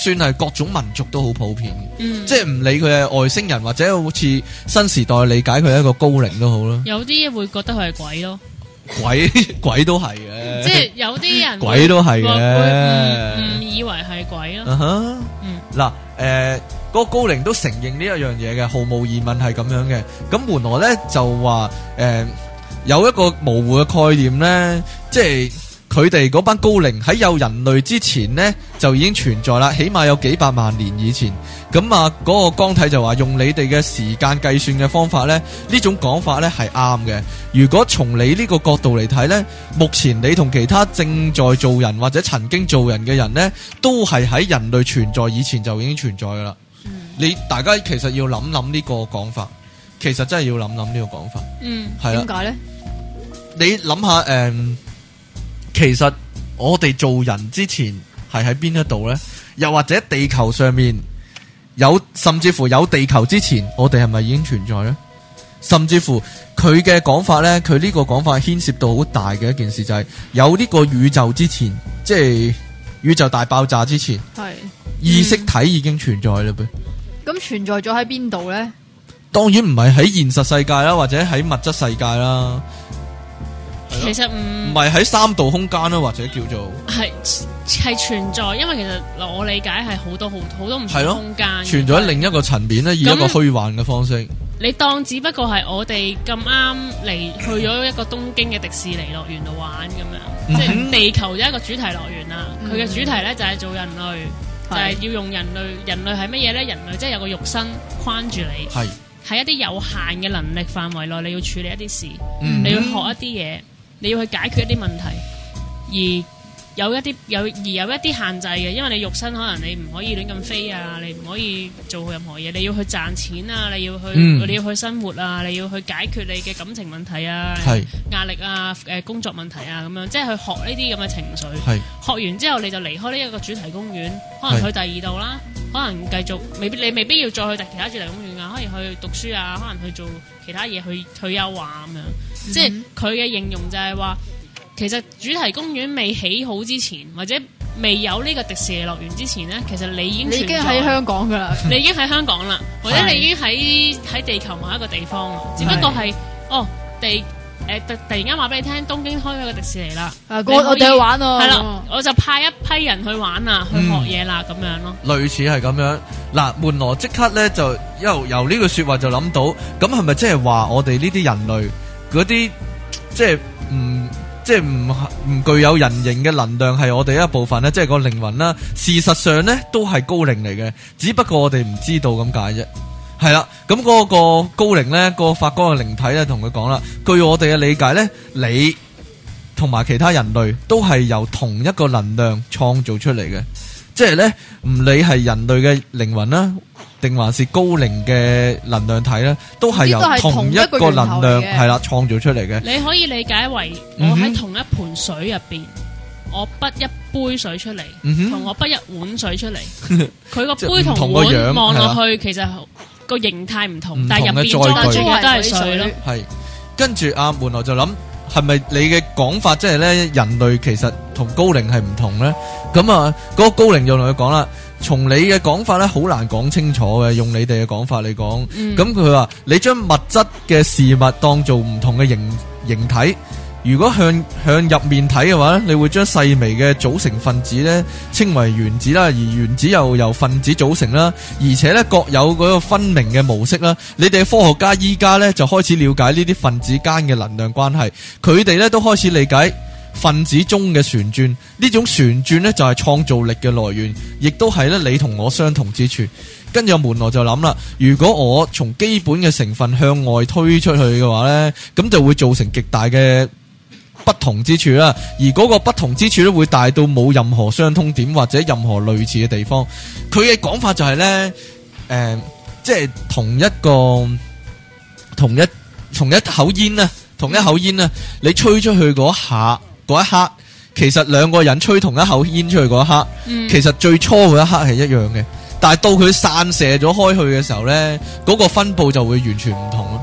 算係各種民族都好普遍嘅，即係唔理佢係外星人或者好似新時代理解佢係一個高靈都好咯。有啲會覺得佢係鬼咯，鬼鬼都係嘅，即係有啲人鬼都係嘅，唔以為係鬼咯。嗯哼，嗱，誒，嗰個高靈都承認呢一樣嘢嘅，毫無疑問係咁樣嘅。咁門羅咧就話誒。有一個模糊嘅概念呢，即係佢哋嗰班高靈喺有人類之前呢，就已經存在啦，起碼有幾百萬年前以前。咁啊，嗰、那個光體就話，用你哋嘅時間計算嘅方法呢，呢種講法呢係啱嘅。如果從你呢個角度嚟睇呢，目前你同其他正在做人或者曾經做人嘅人呢，都係喺人類存在以前就已經存在噶啦。嗯、你大家其實要諗諗呢個講法。其實真係要諗諗呢個講法，係點解呢？你諗下，誒、嗯，其實我哋做人之前係喺邊一度呢？又或者地球上面有甚至乎有地球之前，我哋係咪已經存在呢？甚至乎佢嘅講法呢，佢呢個講法牽涉到好大嘅一件事，就係、是、有呢個宇宙之前，即係宇宙大爆炸之前，係、嗯、意識體已經存在啦。咁、嗯、存在咗喺邊度呢？當然唔係喺現實世界啦，或者喺物質世界啦。其實唔唔係喺三度空間啦，或者叫做係係存在，因為其實我理解係好多好好多唔同空間的以存在喺另一個層面咧，以，以一個虛幻嘅方式。你當只不過係我哋咁啱嚟，去咗一個東京嘅迪士尼樂園度玩咁樣，嗯、即係地球一個主題樂園啦。佢嘅、嗯、主題咧就係做人類，的就係要用人類，人類係乜嘢咧？人類即係有個肉身框住你，係的。喺一啲有限嘅能力範圍內，你要處理一啲事，mm hmm. 你要學一啲嘢，你要去解決一啲問題，而有一啲有而有一啲限制嘅，因為你肉身可能你唔可以亂咁飛啊，你唔可以做任何嘢，你要去賺錢啊，你要去、mm hmm. 你要去生活啊，你要去解決你嘅感情問題啊，mm hmm. 壓力啊，誒工作問題啊，咁樣即係去學呢啲咁嘅情緒。Mm hmm. 學完之後，你就離開呢一個主題公園，可能去第二度啦。Mm hmm. mm hmm. 可能繼續未必，你未必要再去其他主題公園啊，可以去讀書啊，可能去做其他嘢去退休啊咁樣。Mm hmm. 即係佢嘅形容就係話，其實主題公園未起好之前，或者未有呢個迪士尼樂園之前呢，其實你已經已經喺香港噶啦，你已經喺香港啦， 或者你已經喺喺地球某一個地方啦，只不過係是哦地。誒、呃，突突然間話俾你聽，東京開咗個迪士尼啦，啊、我我哋去玩咯，係啦了，樣我就派一批人去玩啊，嗯、去學嘢啦，咁樣咯。類似係咁樣，嗱，門羅即刻咧就由由呢句說話就諗到，咁係咪即係話我哋呢啲人類嗰啲，即係唔即係唔唔具有人形嘅能量係我哋一部分呢？即係個靈魂啦。事實上咧都係高靈嚟嘅，只不過我哋唔知道咁解啫。係啦，咁嗰個高靈咧，個發光嘅靈體咧，同佢講啦。據我哋嘅理解咧，你同埋其他人類都係由同一個能量創造出嚟嘅，即係咧唔理係人類嘅靈魂啦，定還是高靈嘅能量體啦，都係由同一個能量係啦創造出嚟嘅。呢個係同一個源頭嘅。你可以理解為我喺同一盆水入邊，我潷一杯水出嚟，同我潷一碗水出嚟，佢個杯同碗望落去，其實好。個形態唔同，但係入邊裝嘅都係水咯。係，跟住阿門羅就諗，係咪你嘅講法，即係咧人類其實同高齡係唔同咧？咁啊，嗰個高齡就同佢講啦。從你嘅講法咧，好難講清楚嘅。用你哋嘅講法嚟講，咁佢話你將物質嘅事物當做唔同嘅形形體。如果向向入面睇嘅話咧，你會將細微嘅組成分子咧稱為原子啦，而原子又由分子組成啦，而且咧各有嗰個分明嘅模式啦。你哋科學家依家咧就開始了解呢啲分子間嘅能量關係，佢哋咧都開始理解分子中嘅旋轉，呢種旋轉呢，就係創造力嘅來源，亦都係咧你同我相同之處。跟住門羅就諗啦，如果我從基本嘅成分向外推出去嘅話咧，咁就會造成極大嘅。不同之處啦，而嗰個不同之處咧會大到冇任何相通點或者任何類似嘅地方。佢嘅講法就係咧，誒，即係同一個同一同一口煙啊，同一口煙啊，嗯，你吹出去嗰下嗰一刻，其實兩個人吹同一口煙出去嗰一刻，嗯，其實最初嗰一刻係一樣嘅，但係到佢散射咗開去嘅時候咧，嗰個分布就會完全唔同咯。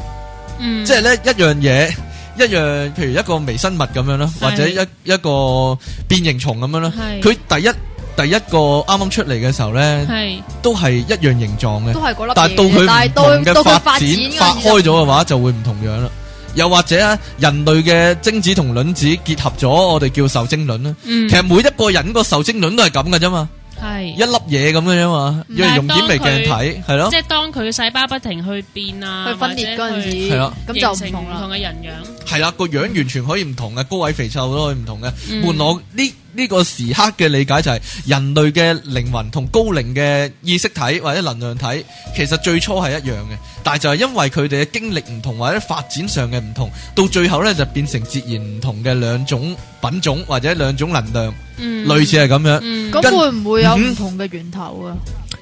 嗯，即係咧一樣嘢。一樣，譬如一個微生物咁樣咯，是或者一一個變形蟲咁樣咯。佢是第一第一個啱啱出嚟嘅時候呢，是都係一樣形狀嘅。但係到佢唔同嘅發展,發,展發開咗嘅話，就會唔同樣啦。又或者人類嘅精子同卵子結合咗，我哋叫受精卵啦。嗯，其實每一個人個受精卵都係咁嘅啫嘛。係一粒嘢咁樣啫嘛，因為用顯微鏡睇，係咯，即係當佢嘅細胞不停去變啊，去分裂嗰陣時，係啦，咁就唔同嘅人樣啦。係啦，個樣完全可以唔同嘅，高矮肥瘦都可以唔同嘅，換我呢？呢個時刻嘅理解就係人類嘅靈魂同高靈嘅意識體或者能量體，其實最初係一樣嘅，但係就係因為佢哋嘅經歷唔同或者發展上嘅唔同，到最後呢就變成截然唔同嘅兩種品種或者兩種能量，類似係咁樣。咁會唔會有唔同嘅源頭啊？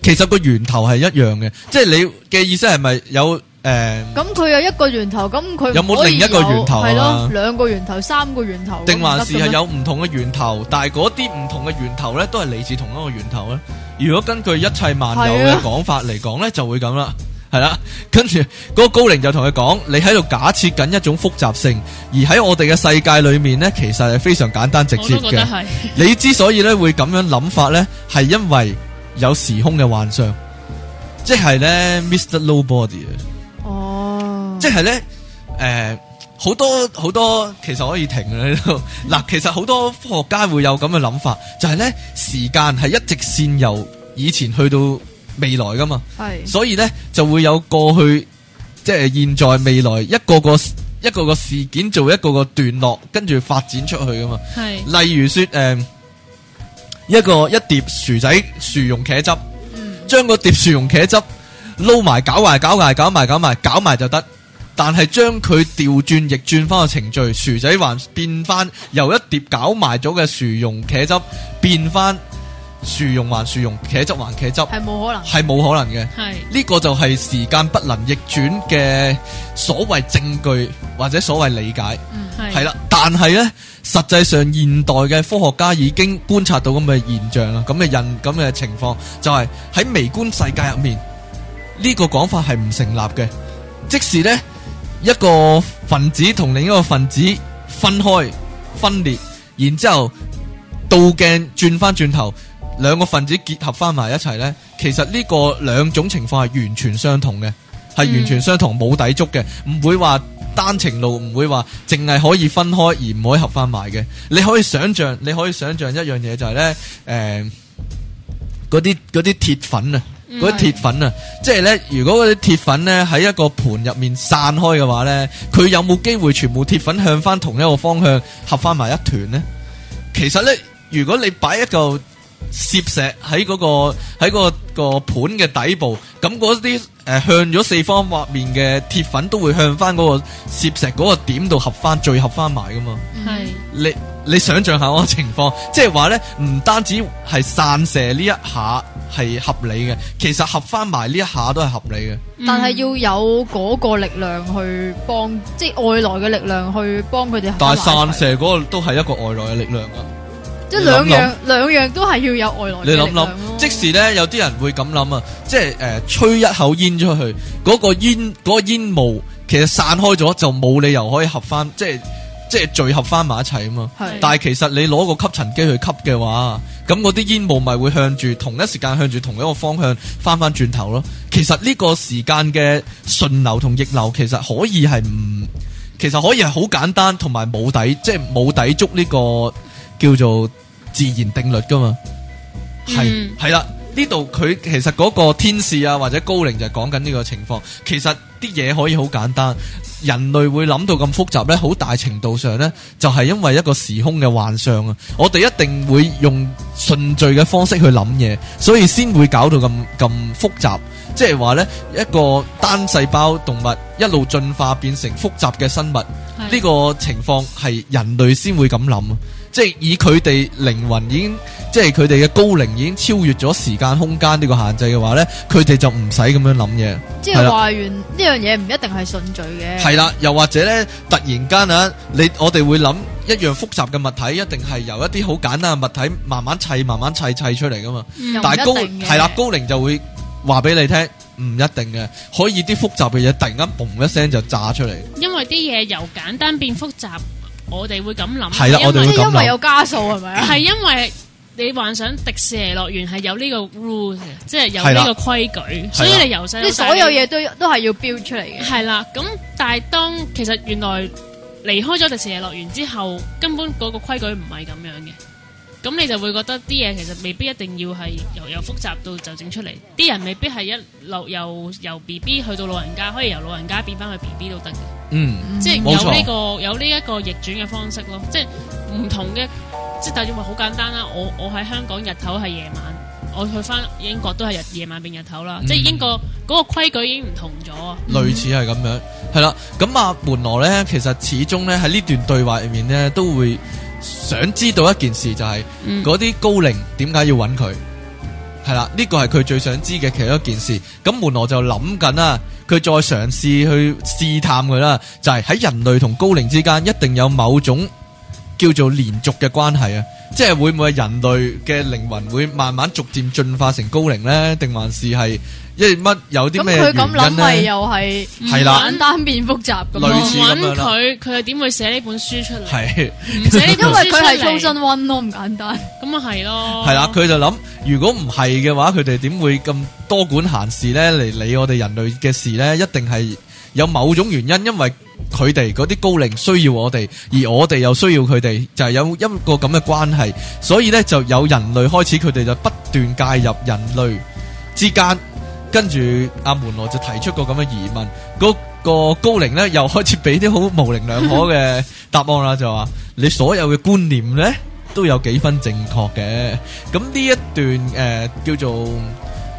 其實個源頭係一樣嘅，即係你嘅意思係咪有？誒，咁佢有一個源頭，咁佢有冇另一個源頭啊？係咯，兩個源頭，三個源頭，定還是係有唔同嘅源頭？但係嗰啲唔同嘅源頭咧，都係嚟自同一個源頭咧。如果根據一切萬有嘅講法嚟講咧，就會咁啦，係啦。跟住嗰個高靈就同佢講：你喺度假設緊一種複雜性，而喺我哋嘅世界裏面咧，其實係非常簡單直接嘅。你之所以咧會咁樣諗法咧，係因為有時空嘅幻想，即係咧，Mr. Nobody。即係咧，誒、呃，好多好多，其實可以停嘅。度嗱，其實好多科學家會有咁嘅諗法，就係、是、咧，時間係一直線由以前去到未來噶嘛。係是，所以咧就會有過去，即係現在、未來一個個一個個事件，做一個個段落，跟住發展出去噶嘛。係是，例如說誒、呃，一個一碟薯仔薯蓉茄汁，將、嗯、個碟薯蓉茄汁撈埋，搞埋，搞埋，搞埋，搞埋，搞埋就得。但係將佢調轉逆轉翻個程序，薯仔還變翻由一碟搞埋咗嘅薯蓉茄汁變翻薯蓉還薯蓉，茄汁還茄汁，係冇可能，係冇可能嘅。係呢是個就係時間不能逆轉嘅所謂證據或者所謂理解，係啦、嗯。但係呢，實際上現代嘅科學家已經觀察到咁嘅現象啦，咁嘅人咁嘅情況就係、是、喺微觀世界入面，呢、這個講法係唔成立嘅，即使呢。一個分子同另一個分子分開、分裂，然之後倒鏡轉翻轉頭，兩個分子結合翻埋一齊呢，其實呢個兩種情況係完全相同嘅，係、嗯、完全相同冇抵觸嘅，唔會話單程路，唔會話淨係可以分開而唔可以合翻埋嘅。你可以想象，你可以想象一樣嘢就係呢誒，嗰啲嗰啲鐵粉啊。嗰啲鐵粉啊，即係咧，如果嗰啲鐵粉咧喺一個盤入面散開嘅話咧，佢有冇機會全部鐵粉向翻同一個方向合翻埋一團咧？其實咧，如果你擺一嚿攝石喺嗰、嗰個喺個個盤嘅底部，咁嗰啲誒向咗四方八面嘅鐵粉都會向翻嗰個攝石嗰個點度合翻，再合翻埋噶嘛？係是你你想象下嗰個情況，即係話咧，唔單止係散射呢一下係合理嘅，其實合翻埋呢一下都係合理嘅。嗯、但係要有嗰個力量去幫，即係外來嘅力量去幫佢哋。但係散射嗰個都係一個外來嘅力量啊。即兩樣，兩樣都係要有外來力量，啊、你諗諗咯。即時呢，有啲人會咁諗啊，即係誒、呃，吹一口煙出去，嗰、那個煙，嗰、那個煙霧，其實散開咗就冇理由可以合翻，即係即係聚合翻埋一齊啊嘛。是但係其實你攞個吸塵機去吸嘅話，咁嗰啲煙霧咪會向住同一時間向住同一個方向翻翻轉頭咯。其實呢個時間嘅順流同逆流其，其實可以係唔，其實可以係好簡單，同埋冇抵，即係冇抵觸呢個。叫做自然定律噶嘛，係係啦，呢度佢其實嗰個天使啊或者高靈就係講緊呢個情況。其實啲嘢可以好簡單，人類會諗到咁複雜咧，好大程度上咧就係因為一個時空嘅幻象啊！我哋一定會用順序嘅方式去諗嘢，所以先會搞到咁咁複雜。即係話咧，一個單細胞動物一路進化變成複雜嘅生物，呢個情況係人類先會咁諗。即係以佢哋靈魂已經，即係佢哋嘅高靈已經超越咗時間空間呢個限制嘅話呢，佢哋就唔使咁樣諗嘢。即係話完呢樣嘢唔一定係順序嘅。係啦，又或者呢，突然間啊，你我哋會諗一樣複雜嘅物體一定係由一啲好簡單嘅物體慢慢砌、慢慢砌砌出嚟噶嘛。但係高係啦，高靈就會話俾你聽，唔一定嘅，可以啲複雜嘅嘢突然間嘣一聲就炸出嚟。因為啲嘢由簡單變複雜。我哋會咁諗，係啦了，因為我哋會係因為有加數係咪啊？係 因為你幻想迪士尼樂園係有呢個 rule，即係有呢個規矩，了所以你由細即所有嘢都都係要標出嚟嘅。係啦，咁但係當其實原來離開咗迪士尼樂園之後，根本嗰個規矩唔係咁樣嘅。咁你就會覺得啲嘢其實未必一定要係由由複雜到就整出嚟，啲人未必係一路由由 B B 去到老人家，可以由老人家變翻去 B B 都得嘅、嗯。嗯，即係有呢、呢個錯有呢一個逆轉嘅方式咯，即係唔同嘅，即係大主播好簡單啦。我我喺香港日頭係夜晚，我去翻英國都係日夜晚變日頭啦。嗯、即係英國嗰個規矩已經唔同咗啊。嗯、類似係咁樣，係啦。咁啊門羅咧，其實始終咧喺呢段對話入面咧都會。想知道一件事就係嗰啲高靈，點解要揾佢係啦。呢個係佢最想知嘅其中一件事。咁門羅就諗緊啦，佢再嘗試去試探佢啦，就係、是、喺人類同高靈之間一定有某種叫做連續嘅關係啊，即係會唔會人類嘅靈魂會慢慢逐漸進化成高靈呢？定還是係？因為乜有啲咩原因咧？咁佢咁諗，係又係唔簡單變複雜咁咯。問佢，佢又點會寫呢本書出嚟？係唔止，因為佢係中心溫咯，唔簡單咁啊，係咯。係啦，佢就諗，如果唔係嘅話，佢哋點會咁多管閒事咧？嚟理我哋人類嘅事咧，一定係有某種原因，因為佢哋嗰啲高靈需要我哋，而我哋又需要佢哋，就係有一個咁嘅關係，所以咧就有人類開始，佢哋就不斷介入人類之間。跟住阿、啊、門羅就提出個咁嘅疑問，嗰個高靈咧又開始俾啲好模稜兩可嘅答案啦， 就話你所有嘅觀念咧都有幾分正確嘅。咁呢一段誒、呃、叫做，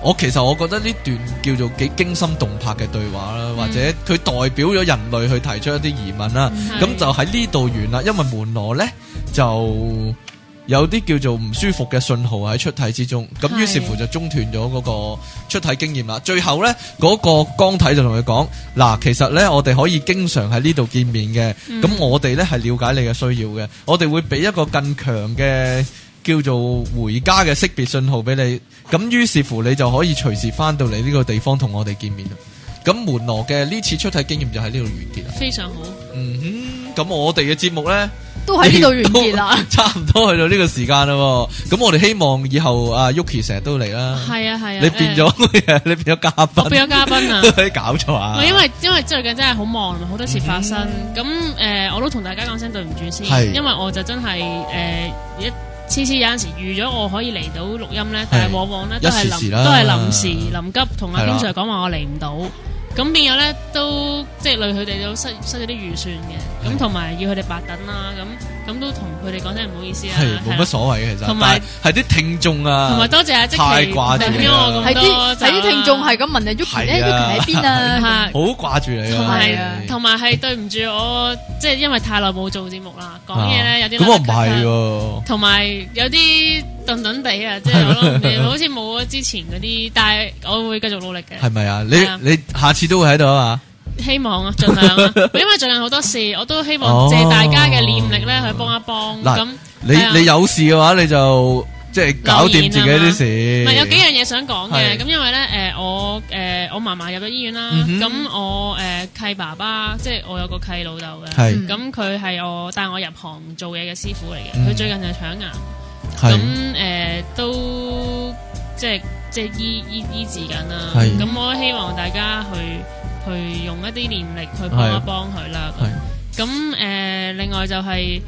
我其實我覺得呢段叫做幾驚心動魄嘅對話啦，嗯、或者佢代表咗人類去提出一啲疑問啦。咁、嗯、就喺呢度完啦，因為門羅咧就。有啲叫做唔舒服嘅信號喺出體之中，咁於是，是乎就中斷咗嗰個出體經驗啦。最後呢，嗰、嗰個光體就同佢講：嗱，其實呢，我哋可以經常喺呢度見面嘅。咁、嗯、我哋呢係了解你嘅需要嘅，我哋會俾一個更強嘅叫做回家嘅識別信號俾你。咁於是乎，你就可以隨時翻到嚟呢個地方同我哋見面啦。咁門羅嘅呢次出體經驗就喺呢度完結啦。非常好。嗯哼，咁我哋嘅節目呢。都喺呢度完結啦，差唔多去到呢個時間啦。咁我哋希望以後阿 Yuki 成日都嚟啦。係啊，係啊，你變咗，你變咗嘉賓，變咗嘉賓啊？可以搞錯啊？因為因為最近真係好忙，好多事發生。咁誒，我都同大家講聲對唔住先，因為我就真係誒一次次有陣時預咗我可以嚟到錄音咧，但係往往咧都係臨都係臨時臨急同阿經常講話我嚟唔到。咁變咗咧，都即係累佢哋都失失咗啲預算嘅，咁同埋要佢哋白等啦，啊，咁都同佢哋講真係唔好意思啊，係冇乜所謂嘅其實，同埋係啲聽眾啊，同埋多謝阿即琪，太掛住你啦係啲係啲聽眾係咁問你 Uki 咧，Uki 喺邊啊，吓好掛住你，同埋同埋係對唔住我，即係因為太耐冇做節目啦，講嘢咧有啲咁我唔係喎，同埋有啲頓頓地啊，即係好似冇咗之前嗰啲，但係我會繼續努力嘅，係咪啊？你你下次都會喺度啊嘛？希望啊，盡量啊，因為最近好多事，我都希望借大家嘅念力咧去幫一幫。嗱，咁你你有事嘅話，你就即係搞掂自己啲事。唔係有幾樣嘢想講嘅，咁因為咧，誒，我誒，我嫲嫲入咗醫院啦，咁我誒契爸爸，即係我有個契老豆嘅，咁佢係我帶我入行做嘢嘅師傅嚟嘅，佢最近就腸癌，咁誒都即係即係醫醫醫治緊啦。咁我希望大家去。去用一啲念力去幫一幫佢啦。咁誒，另外就係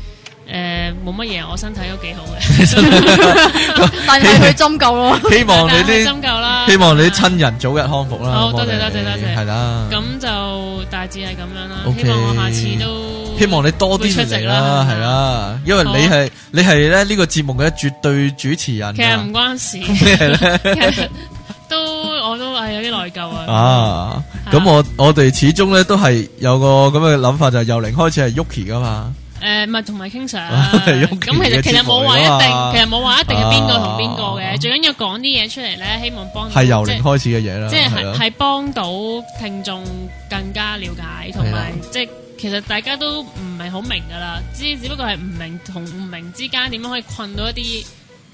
誒冇乜嘢，我身體都幾好嘅，但係去針灸咯。希望你啲針灸啦，希望你啲親人早日康復啦。好多謝多謝多謝，係啦。咁就大致係咁樣啦。希望我下次都希望你多啲出席啦，係啦，因為你係你係咧呢個節目嘅絕對主持人。其實唔關事。我都係有啲內疚啊！啊，咁我我哋始終咧都係有個咁嘅諗法，就係由零開始係 Yuki 噶嘛。誒，唔係同埋 King Sir。咁其實其實冇話一定，其實冇話一定係邊個同邊個嘅。最緊要講啲嘢出嚟咧，希望幫係由零開始嘅嘢啦。即係係幫到聽眾更加了解，同埋即係其實大家都唔係好明噶啦，只只不過係唔明同唔明之間點樣可以困到一啲。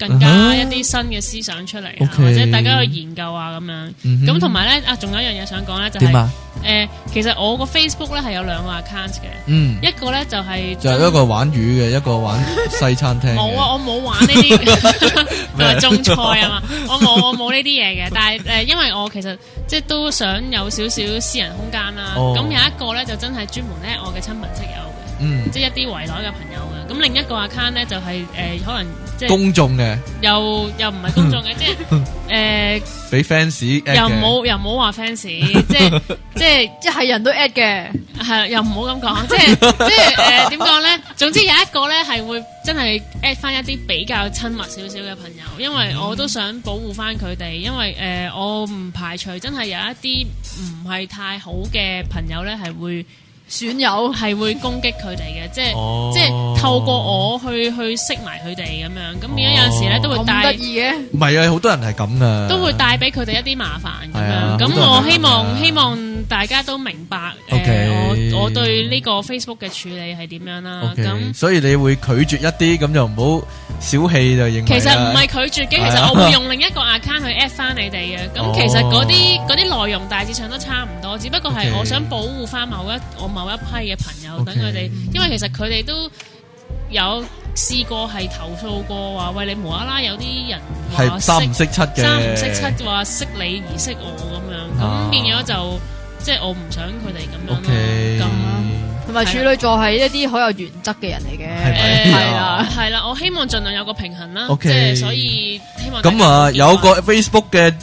更加一啲新嘅思想出嚟，Okay. 或者大家去研究啊咁樣。咁同埋咧啊，仲有一樣嘢想講咧，就係、是、誒、啊呃，其實我 face 個 Facebook 咧係有兩個 account 嘅，嗯，一個咧就係就一個玩魚嘅，一個玩西餐廳。冇啊 我冇玩呢啲，唔係種菜啊嘛， 我冇，我冇呢啲嘢嘅。但係誒、呃，因為我其實即係都想有少少私人空間啦。咁、哦、有一個咧就真係專門咧我嘅親朋戚友，嘅、嗯，即係一啲圍內嘅朋友嘅。咁另一個 account 咧就係、是、誒、呃、可能。公眾嘅，又又唔係公眾嘅，即係誒，俾 fans，又冇又冇話 fans，即係即係即係人都 add 嘅，係又唔好咁講，即係即係誒點講咧？總之有一個咧係會真係 add 翻一啲比較親密少少嘅朋友，因為我都想保護翻佢哋，因為誒我唔排除真係有一啲唔係太好嘅朋友咧係會。損友係會攻擊佢哋嘅，即係、哦、即係透過我去去識埋佢哋咁樣，咁而家有陣時咧都會帶，得意嘅，唔係啊，好多人係咁啊，都會帶俾佢哋一啲麻煩咁樣，咁我希望希望。大家都明白，誒 Okay.、呃，我我對呢個 Facebook 嘅處理係點樣啦、啊？咁 Okay. 那所以你會拒絕一啲咁就唔好小氣就認。其實唔係拒絕嘅，啊、其實我會用另一個 account 去 at 翻你哋嘅。咁、哦、其實嗰啲啲內容大致上都差唔多，只不過係我想保護翻某一我某一批嘅朋友，Okay. 等佢哋，因為其實佢哋都有試過係投訴過話，喂，你無啦啦有啲人三唔識七嘅，三唔識七話識你而識我咁樣，咁變咗就。啊即係我唔想佢哋咁樣 OK，咁，同埋處女座係一啲好有原則嘅人嚟嘅，係咪係啦？係啦，我希望盡量有個平衡啦。OK，即係所以希望咁啊，有個 Facebook 嘅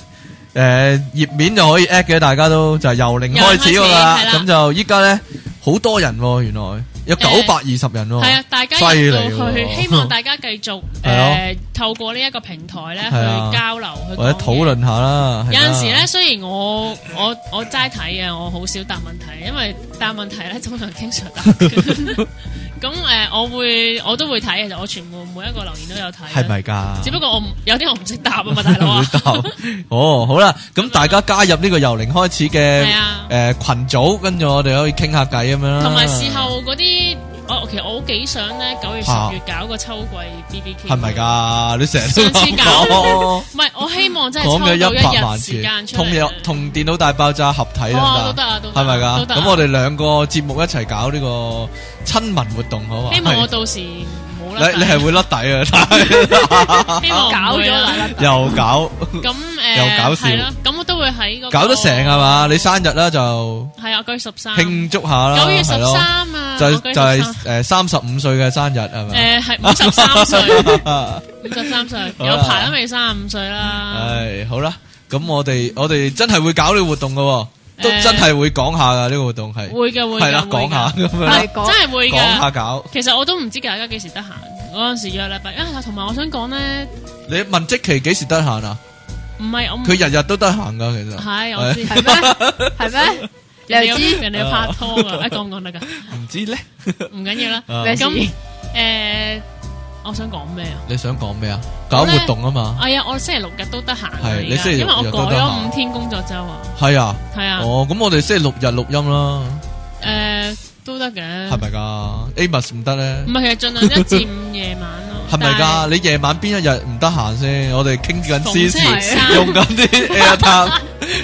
誒頁面就可以 at 嘅，大家都就由零開始噶啦。咁就依家咧好多人，原來。有九百二十人喎，哦，係啊，呃，大家要到去，希望大家繼續誒、哦呃，透過呢一個平台咧去交流，啊、去或者討論下啦。有陣時咧，啊、雖然我我我齋睇嘅，我好少答問題，因為答問題咧通常經常答。 咁誒、呃，我會我都會睇嘅，就我全部每一個留言都有睇。係咪噶？只不過我有啲我唔識答啊嘛，大佬。唔 答。 哦，好啦，咁大家加入呢個由零開始嘅誒群組，跟住我哋可以傾下偈咁樣啦。同埋事後嗰啲。我其實我幾想咧九、uh, 月十月、啊、搞個秋季 B B Q，係咪㗎？你成日都講，唔係 我希望真係 抽到一日時間出嚟一百萬次同同電腦大爆炸合體啦，係咪㗎？咁我哋兩個節目一齊搞呢個親民活動，好嘛？希望我到時。 你你係會甩底啊？希望搞咗又搞，咁誒又搞笑。咁我都會喺個搞得成係嘛？你生日啦就係啊，九月十三慶祝下啦。九月十三啊，就就係誒三十五歲嘅生日係咪？誒係五十三歲，五十三歲有排都未三十五歲啦。係好啦，咁我哋我哋真係會搞你活動噶。都真係會講下噶呢個活動係，會嘅會係啦，講下咁樣，真係會噶，講下搞。其實我都唔知大家幾時得閒，嗰陣時約禮拜一啊。同埋我想講咧，你問職期幾時得閒啊？唔係我，佢日日都得閒噶。其實係我知係咩？係咩？你又知人哋拍拖啊？講唔講得噶？唔知咧，唔緊要啦。咁誒。我想講咩啊？你想講咩啊？搞活動啊嘛！哎呀，我星期六日都得閒。係你星期六日都得閒。因為我改咗五天工作周啊。係啊。係啊。哦，咁我哋星期六日錄音啦。誒，都得嘅。係咪噶？Amos 唔得咧？唔係，係盡量一至五夜晚咯。係咪噶？你夜晚邊一日唔得閒先？我哋傾緊私事，用緊啲 A 探，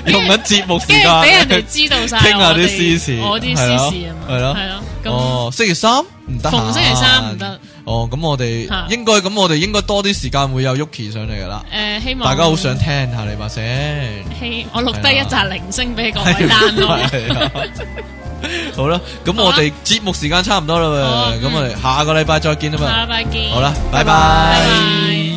用緊節目時間，俾人哋知道晒。傾下啲私事，我啲私事啊。係咯，係咯。哦，星期三唔得。逢星期三唔得。哦，咁我哋應該，咁我哋應該多啲時間會有 Yuki 上嚟噶啦。誒，希望大家好想聽下你把聲。我錄低一集鈴聲俾你講單咯。好啦，咁我哋節目時間差唔多啦，咁我哋下個禮拜再見啊嘛。下禮拜見。好啦，拜拜。